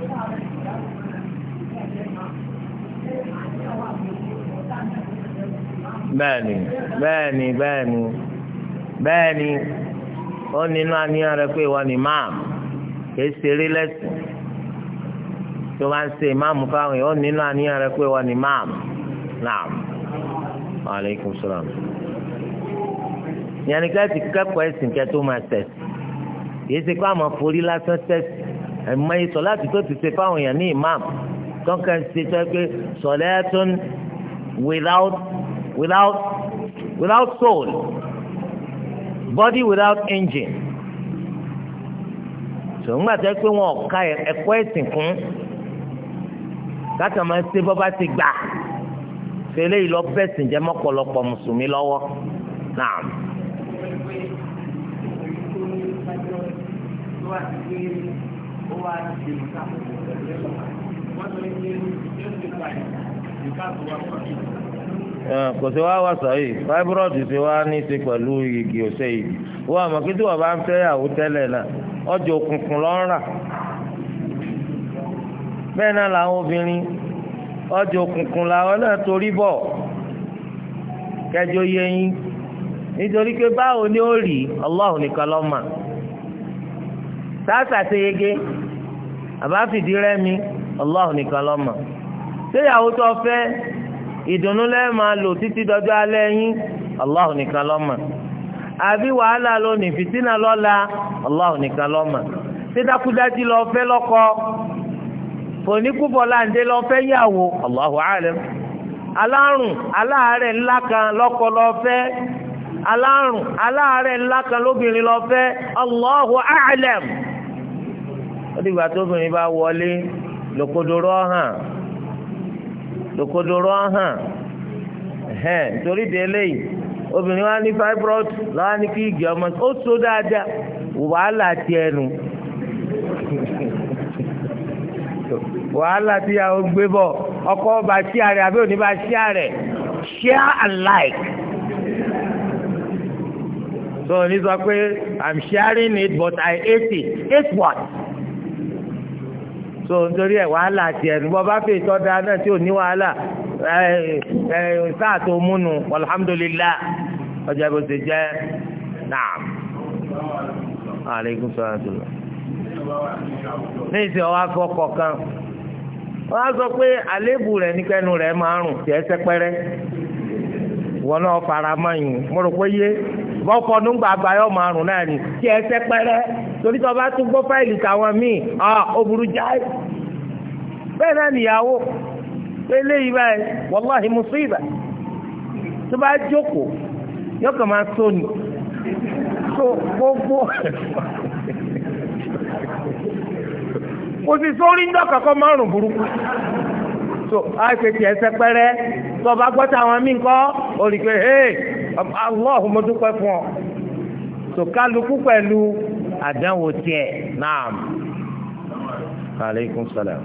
bẹ́ẹ̀ni bẹ́ẹ̀ni bẹ́ẹ̀ni bẹ́ẹ̀ni ó nínú àníyàn rẹ pé ìwọ ni máàm kìí ṣeré lẹ́sìn tó bá ń ṣe ìmáàmù fáwọn èèyàn ó nínú àníyàn rẹ pé ìwọ ni máàm naam aleykum salaam yẹnni ká kẹ́kọ̀ọ́ ẹ̀sìn kẹ́ tó máa tẹ̀sí kìí ṣe pé àmọ́ forí lásán tẹ̀sí. ẹ̀mọ yìí sọ láti tó ti ṣe fáwọn èèyàn ní imam tọ́ka ṣe tọ́ pé sọ̀lẹ́tún without without without soul body without engine ṣòǹgbà tẹ́ pé wọn ò ka ẹ̀kọ́ ẹ̀sìn kún káàkiri máa ń ṣe bọ́bá ti gbà fẹlẹ́ yìí lọ bẹ́sìn jẹ́ mọ́pọ̀lọpọ̀ mùsùlùmí lọ́wọ́ náà. Thank you ó wá ṣe ìsáfòfò pẹ̀lú ẹ̀rọ wọ́n tó ní pé yóò ṣe pa ìkáàtó wa pọ̀ sí. kò sí wàá wà sọ́yìí fáibúrọ̀dù ti wá ní ti pẹ̀lú igi òṣè yìí wọ́n àmọ́ kí tí wọ́n bá ń fẹ́ ìyàwó tẹ́lẹ̀ náà ọjọ́ òkùnkùn lọ́ ń rà bẹ́ẹ̀ náà làwọn obìnrin ọjọ́ òkùnkùn làwọn náà torí bọ̀ kẹjọ yẹ nítorí pé báwo ni ó rí ọlọ́run nìkan lọ́mọ sáà sàṣeyege. àbá fìdí rẹmi Allah nìkan lọ́mọ ṣéyàwó tó ìdùnnú lẹ́ẹ̀ máa lò títí dọjọ́ alẹ́ yín Allah nìkan lọ́mọ àbí wàhálà lónìí fìtínà lọ́la Allah nìkan lọ́mọ ṣédákúdájí lọ fẹ́ lọ́kọ oníkúbọ̀láǹdé lọ yàwó alárùn ńlá kan lọ fẹ́ alárùn aláàárẹ̀ ńlá kan lóbìnrin dìgbà tóbìnrin bá wọlé lòkòdòrò hàn lòkòdòrò hàn hẹ́n torí de eléyìí obìnrin wa ní fibroid lọ́wọ́ ní kí ìgì ọmọ ó so dáadáa wàhálà ti ẹnu wàhálà ti àwọn gbé bọ̀ ọkọ ọba sí àrẹ àbí òní bá sí àrẹ share and like so ní sọ pé i'm sharing it but i hate it hate what. so nítorí ẹ̀ wàhálà tiẹ̀ nígbà bá fẹ́ ìtọ́ da náà tí ò ní wàhálà ẹ sáà tó múnu alhamdulilah ọjà bó ti jẹ́ naam aleykum salaam tó ọwọ́ kan wọ́n á sọ pé àléébù rẹ̀ níkẹ́nu rẹ̀ máa ń rùn tiẹ̀ sẹ́pẹ́rẹ́ náà fara yé. ìbọn kọnu ń gba àbáyọ márùn náà ni tí ẹ pẹrẹ torí tó bá tún gbọ́ fáìlì tàwọn míì ọ òbúrú jáì bẹ́ẹ̀ náà nìyàwó eléyìí báyìí wàláhì tó bá jókòó yóò kàn máa tó gbogbo kò sì sórí so a ṣe tiẹ̀ sẹpẹrẹ tó o bá gbọ́ táwọn míì kọ́ o rí i pé hey Allah mo dúpẹ́ fún ọ so kálukú pẹ̀lú àdánwò tiẹ̀ naam. aleykum salaam.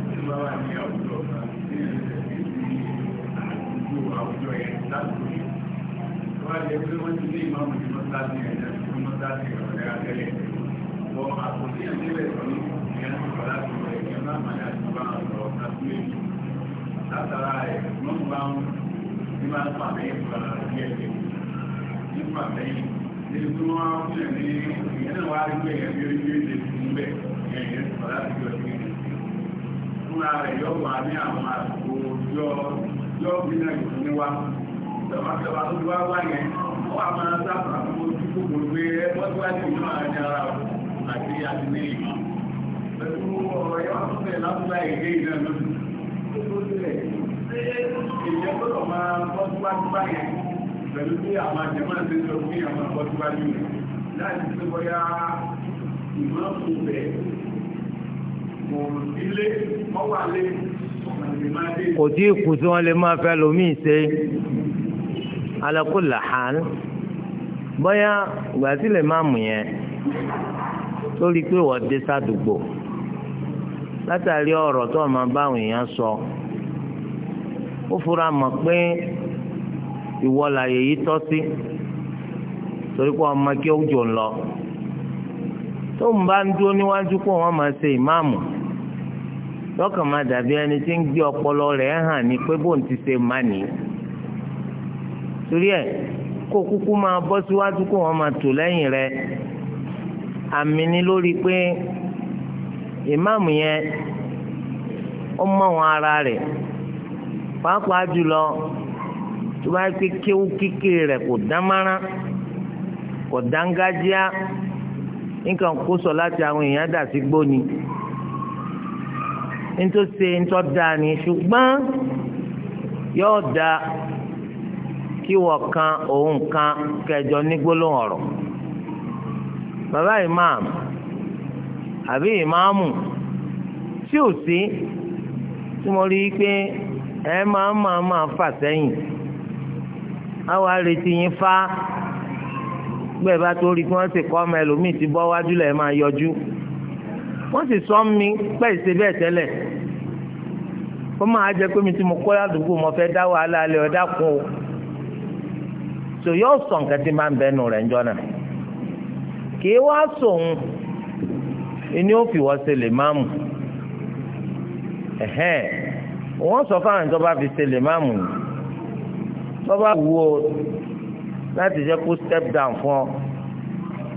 Thank you. látara ẹ̀ mọ́tò bá ń ní máa ń pàdé ìgbà díẹ̀ díẹ̀ ní pàdé yìí ní tí wọ́n á fún ẹ̀ ní ìyẹn náà wá rí pé ẹ̀ bí orí bí orí ti ń bẹ̀ ẹ̀ ẹ̀ sọ̀rọ̀ láti jọ sí ìdí. fúnra rẹ̀ yọ wà ní àwọn àsìkò yọ yọ bí náà yìí ní wa ìjọba tó wá wá yẹn wọ́n wá máa sábà mọ́ ojú kòkòrò pé ẹ bọ́sí wá ní ìmọ̀ pẹ̀lú ọ̀rọ̀ ṣé èèyàn gbọ́dọ̀ máa bọ́ pẹ̀lú bí àwọn àjẹmọ́ ṣe sọ fún èèyàn máa rẹ̀ láti ṣe bóyá ìmọ̀ọ́kùn rẹ̀ kò sílé mọ́wálé kò tí ì kù tí wọ́n lè máa fẹ́ lómìn ṣe ala kulli hal bóyá ìgbà tí lè máa mú yẹn lórí pé wọ́n dé sádùúgbò látàrí ọ̀rọ̀ tó máa bá àwọn sọ. So ó fura mọ̀ pé ìwọ làyè yìí tọ́ sí torí pé ọmọ kí ó jò ń lọ tó ń bá ń dúró níwájú pé wọ́n máa ṣe ìmáàmù lọ́kàn máa dàbí ẹni tí ń gbé ọpọlọ rẹ̀ hàn ní pé bóun ti ṣe má torí ẹ̀ kó kúkú máa bọ́ síwájú pé wọ́n máa tò lẹ́yìn rẹ̀ àmì ni lórí pé ìmáàmù yẹn ó mọ̀ ara rẹ̀. pàápàá jùlọ tó bá yẹ pé kéwú kíké rẹ̀ kò dámárá kò dángájíá nǹkan kó sọ láti àwọn èèyàn dà sí gbóni nítòsí nítọ́ dáa ni ṣùgbọ́n yóò da kí wọ́n kan òun kan kẹjọ ní gbólóhùn ọ̀rọ̀ bàbá imam àbí ìmáàmù tí ò sí tí mo rí i pé. ẹ máa máa máa fà sẹ́yìn àwọn arètí yín fá gbẹ̀bá tó rí kí wọ́n sì kọ́ ọmọ ẹlòmíì ti bọ́ wájú lẹ̀ máa yọjú wọ́n sì sọ mi pẹ́ ìṣe bẹ́ẹ̀ tẹ́lẹ̀ ó máa jẹ́ pé mi ti mo kọ́ ládùúgbò mo fẹ́ dá wàhálà alẹ́ ọ̀dà kún o tò yóò sọ nǹkan tí máa ń bẹ nù rẹ̀ ń jọ́nà kì í wá sòun ni ó fi wọ́n ṣe lè máàmù wọ́n sọ fáwọn tó bá fi ṣe lè má mú tó bá wù ó láti jẹ́ kó step down fún ọ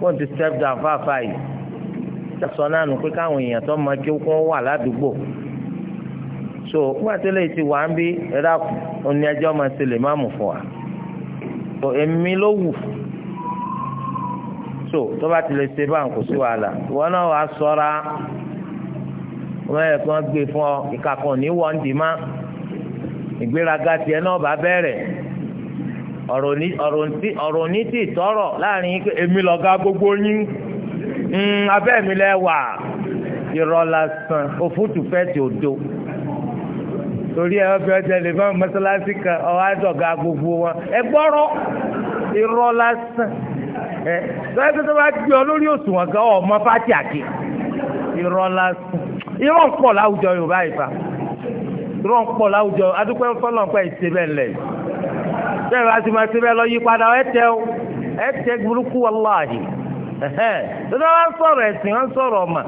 kó n ti step down fáfá yìí sọ náà nù pé káwọn èèyàn tó mọ kí wọ́n wà ládùúgbò so wọ́n ti lè ti wà ń bí ẹ̀rọ òní ẹjọ́ máa ṣe lè má mú fún wa so èmi ló wù so tó bá ti lè ṣe báwọn kò sí wàhálà ìwọ náà wàá sọ́ra wọ́n yẹ kí wọ́n gbé fún ọ ìkàkùn ní wọ́ndì má ìgbéraga tiẹ̀ náà bá bẹ̀rẹ̀ ọ̀rọ̀ ní ti tọrọ láàrin yín pé èmi lọ́gá gbogbo yín hmm, abẹ́ mi lẹ́ wà irọ́ lásán òfútù fẹ́ ti òdo torí ẹ fẹ́ tẹ̀lé fún mọ́sálásí kan ọ̀hún àdọ̀gá gbogbo wọn ẹ gbọ́rọ̀ irọ́ lásán ẹ lọ́yẹ́ tó bá gbé ọ lórí òṣùwọ̀n gan ọ̀ mọ́ fátì àkè irọ́ lásán. irọ́ ń pọ̀ láwùjọ yorùbá ìfà irọ́ pọ̀ láwùjọ adúpẹ́ fọlọ́npẹ́ ìṣẹ́bẹ̀ ńlẹ̀ bẹ́ẹ̀ bá ti máa ṣẹ́bẹ̀ lọ yí padà ẹ o ẹ burúkú wàláhì sọ̀rọ̀ ẹ̀sìn sọ̀rọ̀ ọ̀mà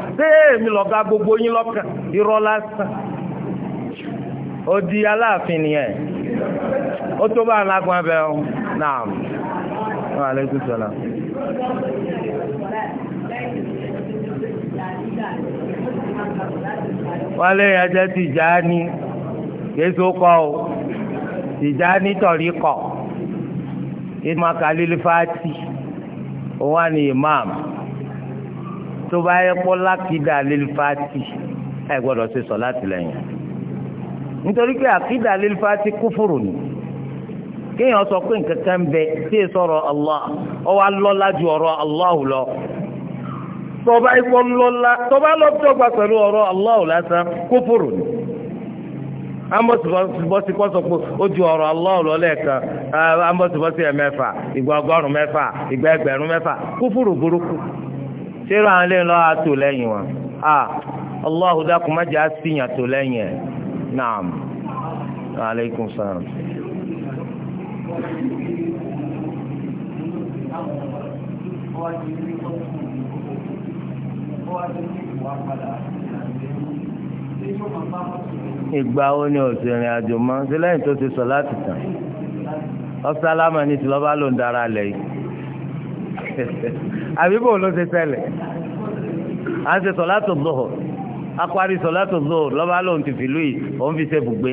lọ́ga gbogbo yín lọ́kàn lásán wọ́n lẹ́yìn ajá Tìjàní yéésù kọ́ o Tìjàní tọ̀rí kọ̀ ìmọ̀ kàlílì òun àni imam tó bá yẹ kó lákìdá lílì fàtì ẹ gbọ́dọ̀ ṣe sọ láti lẹ́yìn nítorí pé àkìdá lílì ni kéèyàn sọ pé nǹkan kan bẹ tí èso ọ̀rọ̀ Allah ọ wá lọ́lá ju lọ tọba ikọ nlọla tọba lọ́dọ́gba pẹ̀lú ọ̀rọ̀ Allah lásán kúfùrù ni amọ̀sibọ́sí kọ́ sọ pé ó ju ọ̀rọ̀ Allah lọ́lẹ́ẹ̀kan amọ̀sibọ́sí ẹ̀ mefa ìgbà ọgọ́rùn mẹ́fà ìgbà lẹ́yìn wọn naam ìgbà wo ni o ti rìn àjò mọ́ sí lẹ́yìn tó ti sọ láti tàn ọ̀sálámà ní ti lọ́ba ló ń dara lẹ̀ yìí àbí bò ló ti ṣẹlẹ̀ à ń ṣe sọ láti lọ́hùn akwari sọ láti lọ́hùn lọ́ba ló ń ti fìlú yìí òun fi ṣe bùgbé.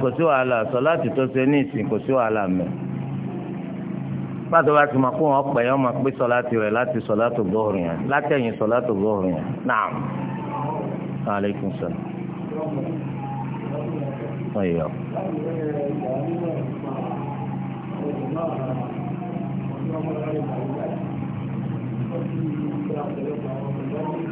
kò sí wàhálà sọ láti tó ṣe ní ìsìn kò sí wàhálà mẹ pàtó bá ti máa kó wọn pẹ yẹn wọn máa pé sọ láti rẹ láti sọ láti gbóòrò yẹn látẹ̀yìn sọ láti gbóòrò yẹn náà aleykum salaam. Ayọ̀. Thank you.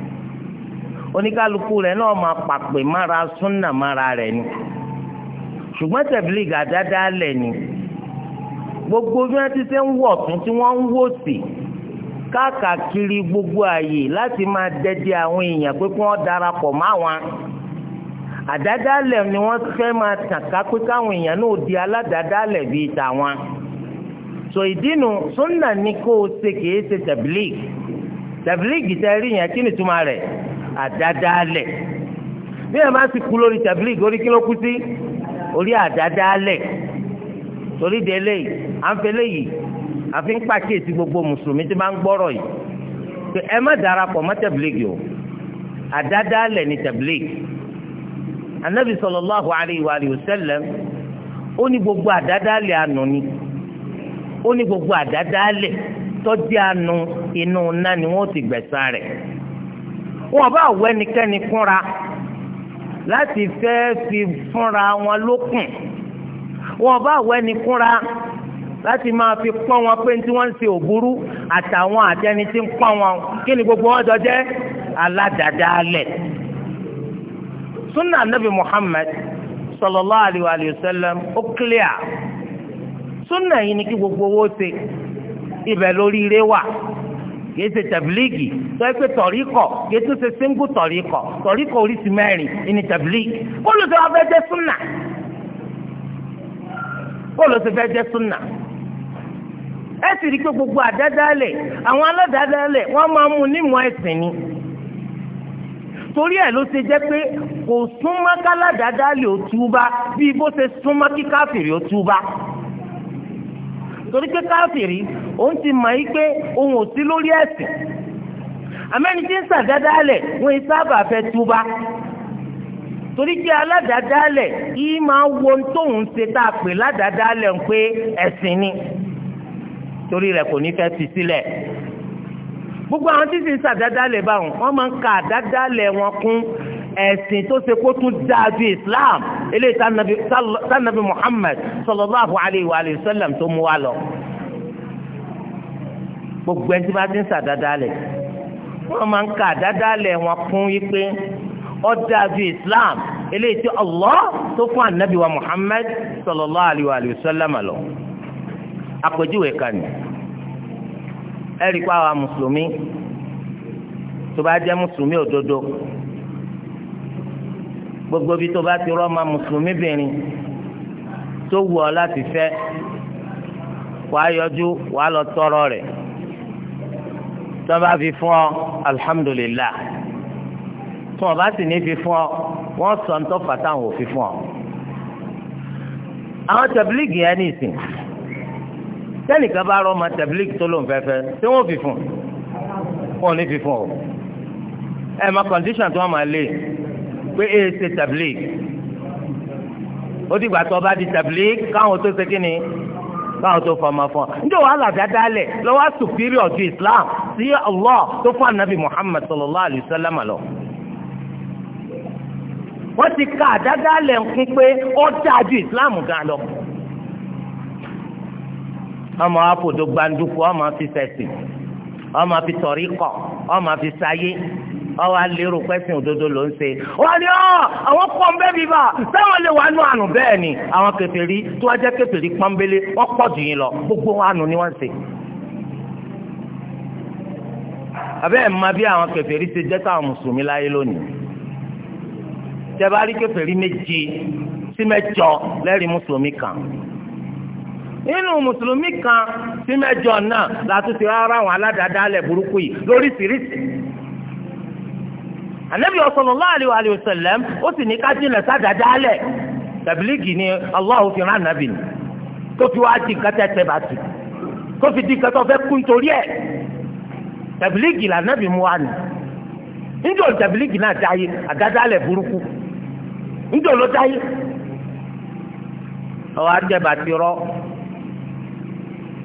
oníkálukú rẹ̀ náà máa pàpè mára súnà mára rẹ̀ ni ṣùgbọ́n tẹ̀blígì àdáadáa lẹ̀ ni gbogbo bí wọ́n ti ṣe ń wọ̀ tún tí wọ́n ń wò sí káàkiri gbogbo ààyè láti máa dẹ́dẹ́ àwọn èèyàn pé kí wọ́n darapọ̀ mọ́ àwọn àdádálẹ̀ ni wọ́n fẹ́ máa tàn ká pé káwọn èèyàn náà di aládàádálẹ̀ bíi tàwọn so ìdínú súnà ni kó o ṣe kìí ṣe tẹ̀blígì tẹ̀blígì tẹ́ yẹn kí ni túmọ̀ rẹ̀ àdádálẹ̀ bí ẹ máa sì kú lórí tabiligi orí kí ló kú sí orí àdádálẹ̀ torí de eléyìí à ń fẹlẹ yìí àfi ń pàkíyèsí gbogbo mùsùlùmí tí máa ń gbọrọ yìí pé ẹ má darapọ̀ mọ́ tabiligi o àdádálẹ̀ ni tabiligi anabi sallallahu alayhi wa sallam ó ní gbogbo àdádálẹ̀ ànú ni ó ní gbogbo àdádálẹ̀ tọ́jú ànú inú náà ni wọ́n ti rẹ̀. wọn bá wọ ẹnikẹ́ni fúnra láti fẹ́ fi fúnra wọn lókun wọn bá wọ ẹni fúnra láti máa fi pọ́n wọn pé tí wọ́n ń ṣe òburú àtàwọn àtẹni tí ń pọ́n wọn kí ni gbogbo wọn jọ jẹ́ sunna anabi muhammad sallallahu alayhi wa alayhi wa sallam ó clear sunna yìí ni kí gbogbo owó ṣe ibẹ̀ lórí ire wà kìí ṣe tẹ̀bílíìgì tó ẹ pé tọ̀ríkọ̀ kìí tún ṣe síngù tọ̀ríkọ̀ tọ̀ríkọ̀ oríṣi mẹ́rin ìní tẹ̀bílíìgì olùsọ wa fẹ́ jẹ́ súnà olùsọ fẹ́ jẹ́ súnà ẹ sì rí i pé gbogbo àdádálẹ̀ àwọn aládàádálẹ̀ wọ́n máa mú nímọ̀ ẹ̀sìn ni torí ẹ̀ ló ṣe jẹ́ pé kò súnmọ́ káládàádálẹ̀ ò túbá bí bó ṣe súnmọ́ kíkáfìrì ò túbá torí pé káfìrí òun ti mọ̀ yí pé òun ò sí lórí ẹ̀sìn amẹ́ni tí ń sàdádálẹ̀ wọ́n sábà fẹ́ túbá torí pé aládàádálẹ̀ yìí máa wo tóun ṣe tá a pè ládàádálẹ̀ ń pé ẹ̀sìn ni torí rẹ̀ kò ní fẹ́ fi sílẹ̀ gbogbo àwọn tí ń sàdádálẹ̀ báwọn wọ́n máa ń ka àdádálẹ̀ wọn kún ẹ̀sìn tó ṣe kó tún dáa ju islam eléyìí sànàbí muhammad sallallahu alayhi wa sallam tó mú wa lọ. gbogbo ẹni tí bá ti ń sàdáadáa lẹ̀ wọ́n máa ń ka àdáadáa lẹ̀ wọn kún yí pé ó dáa islam eléyìí tí allah tó fún anabi wa muhammad sallallahu alayhi wa sallam lọ. àpèjúwe kan ni ẹ̀rí pa àwa mùsùlùmí tó bá jẹ́ mùsùlùmí òdodo. gbogbo bí tó bá ti rọ́ọ̀mà mùsùlùmí bìnrin tó wù ọ́ láti fẹ́ wàá yọjú wàá lọ tọrọ rẹ̀ tó bá fi fún ọ alhamdulillah tó o bá sì ní fi fún ọ wọ́n sọ ń tọ́ fàtàwọn òfin fún ọ. àwọn tẹ̀blígì yẹn ní ìsìn tẹ́nìkan bá rọ́ọ̀mà tẹ̀blígì tó ló fẹ́fẹ́ tí wọ́n fi fún wọn ò ní fi fún ọ. ẹ̀ mọ kọ́ndíṣàn tí wọ́n máa lé yìí pé èyí ṣe tablig ó dìgbà tó bá di tablig káwọn tó ṣe kíni káwọn tó fọmọ fọ njẹ wàhálà dáadáa lẹ islam sí allah tó fún anabi muhammad sallallahu alayhi wa sallam lọ wọ́n ti ka àdáda lẹ̀ ń islam gan lọ. ọmọ apòdó gbàǹdùkú ọmọ fi sẹ̀sìn ọmọ fi tọ̀rí ọwọ́ alérò pẹ́sìn òdodo ló ń ṣe wọ́n ní ọ́ àwọn pọ́ńbẹ́ bíbà sẹ́wọ̀n lè wà nù àrùn bẹ́ẹ̀ ni àwọn kèfèrí tó wá jẹ́ kèfèrí pọ́ńbélé wọ́n pọ̀ jù yín lọ gbogbo àrùn ni wọ́n ṣe. abẹ́ẹ̀ ma bí àwọn kèfèrí ṣe jẹ́ sáwọn mùsùlùmí láyé lónìí tẹ́bárí kèfèrí méje sí mẹ́jọ lẹ́rìí mùsùlùmí kan nínú mùsùlùmí kan sí mẹ́jọ náà látúntì rárá àwọn aládàáda alẹ́ burúkú yìí lóríṣiríṣi anabi sallallahu alayhi wa sallam ó sì ní kájínà ni Allahu fi rán anabi ni tó fi wá di nǹkan tẹ́tẹ́ bá ti tó fi di nǹkan tó fẹ́ kú nítorí ẹ̀ tàbílígì là anabi mu wa nì níjọ́ tàbílígì náà dáyé àdádá lẹ̀ burúkú níjọ́ ló dáyé ọwọ́ àjẹbà ti rọ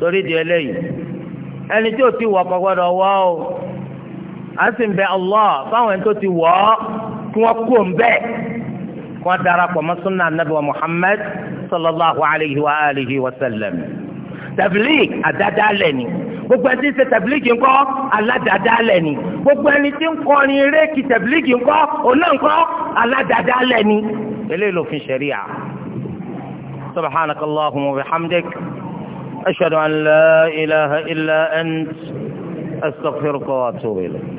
torí di eléyìí ẹni tí ò ti wọ̀ kọ́ gbọ́dọ̀ wọ́ à ń sìn bẹ Allah fáwọn ẹni tó ti wọ̀ ọ́ kí wọ́n kú òun bẹ́ẹ̀ kí wọ́n darapọ̀ mọ́ súnà nàbẹ̀ wa Muhammad sallallahu alayhi wa alihi wa sallam tabilik àdádálẹ̀ ni gbogbo ẹni tí ń ṣe tabilik ńkọ́ aládàádálẹ̀ ni gbogbo ẹni tí ń kọrin eré kí tabilik ńkọ́ ọ̀nà ńkọ́ aládàádálẹ̀ ni eléyìí lòfin ṣẹ̀ríà subhanakallahumma wa bihamdik ashhadu an la ilaha illa ant astaghfiruka wa atubu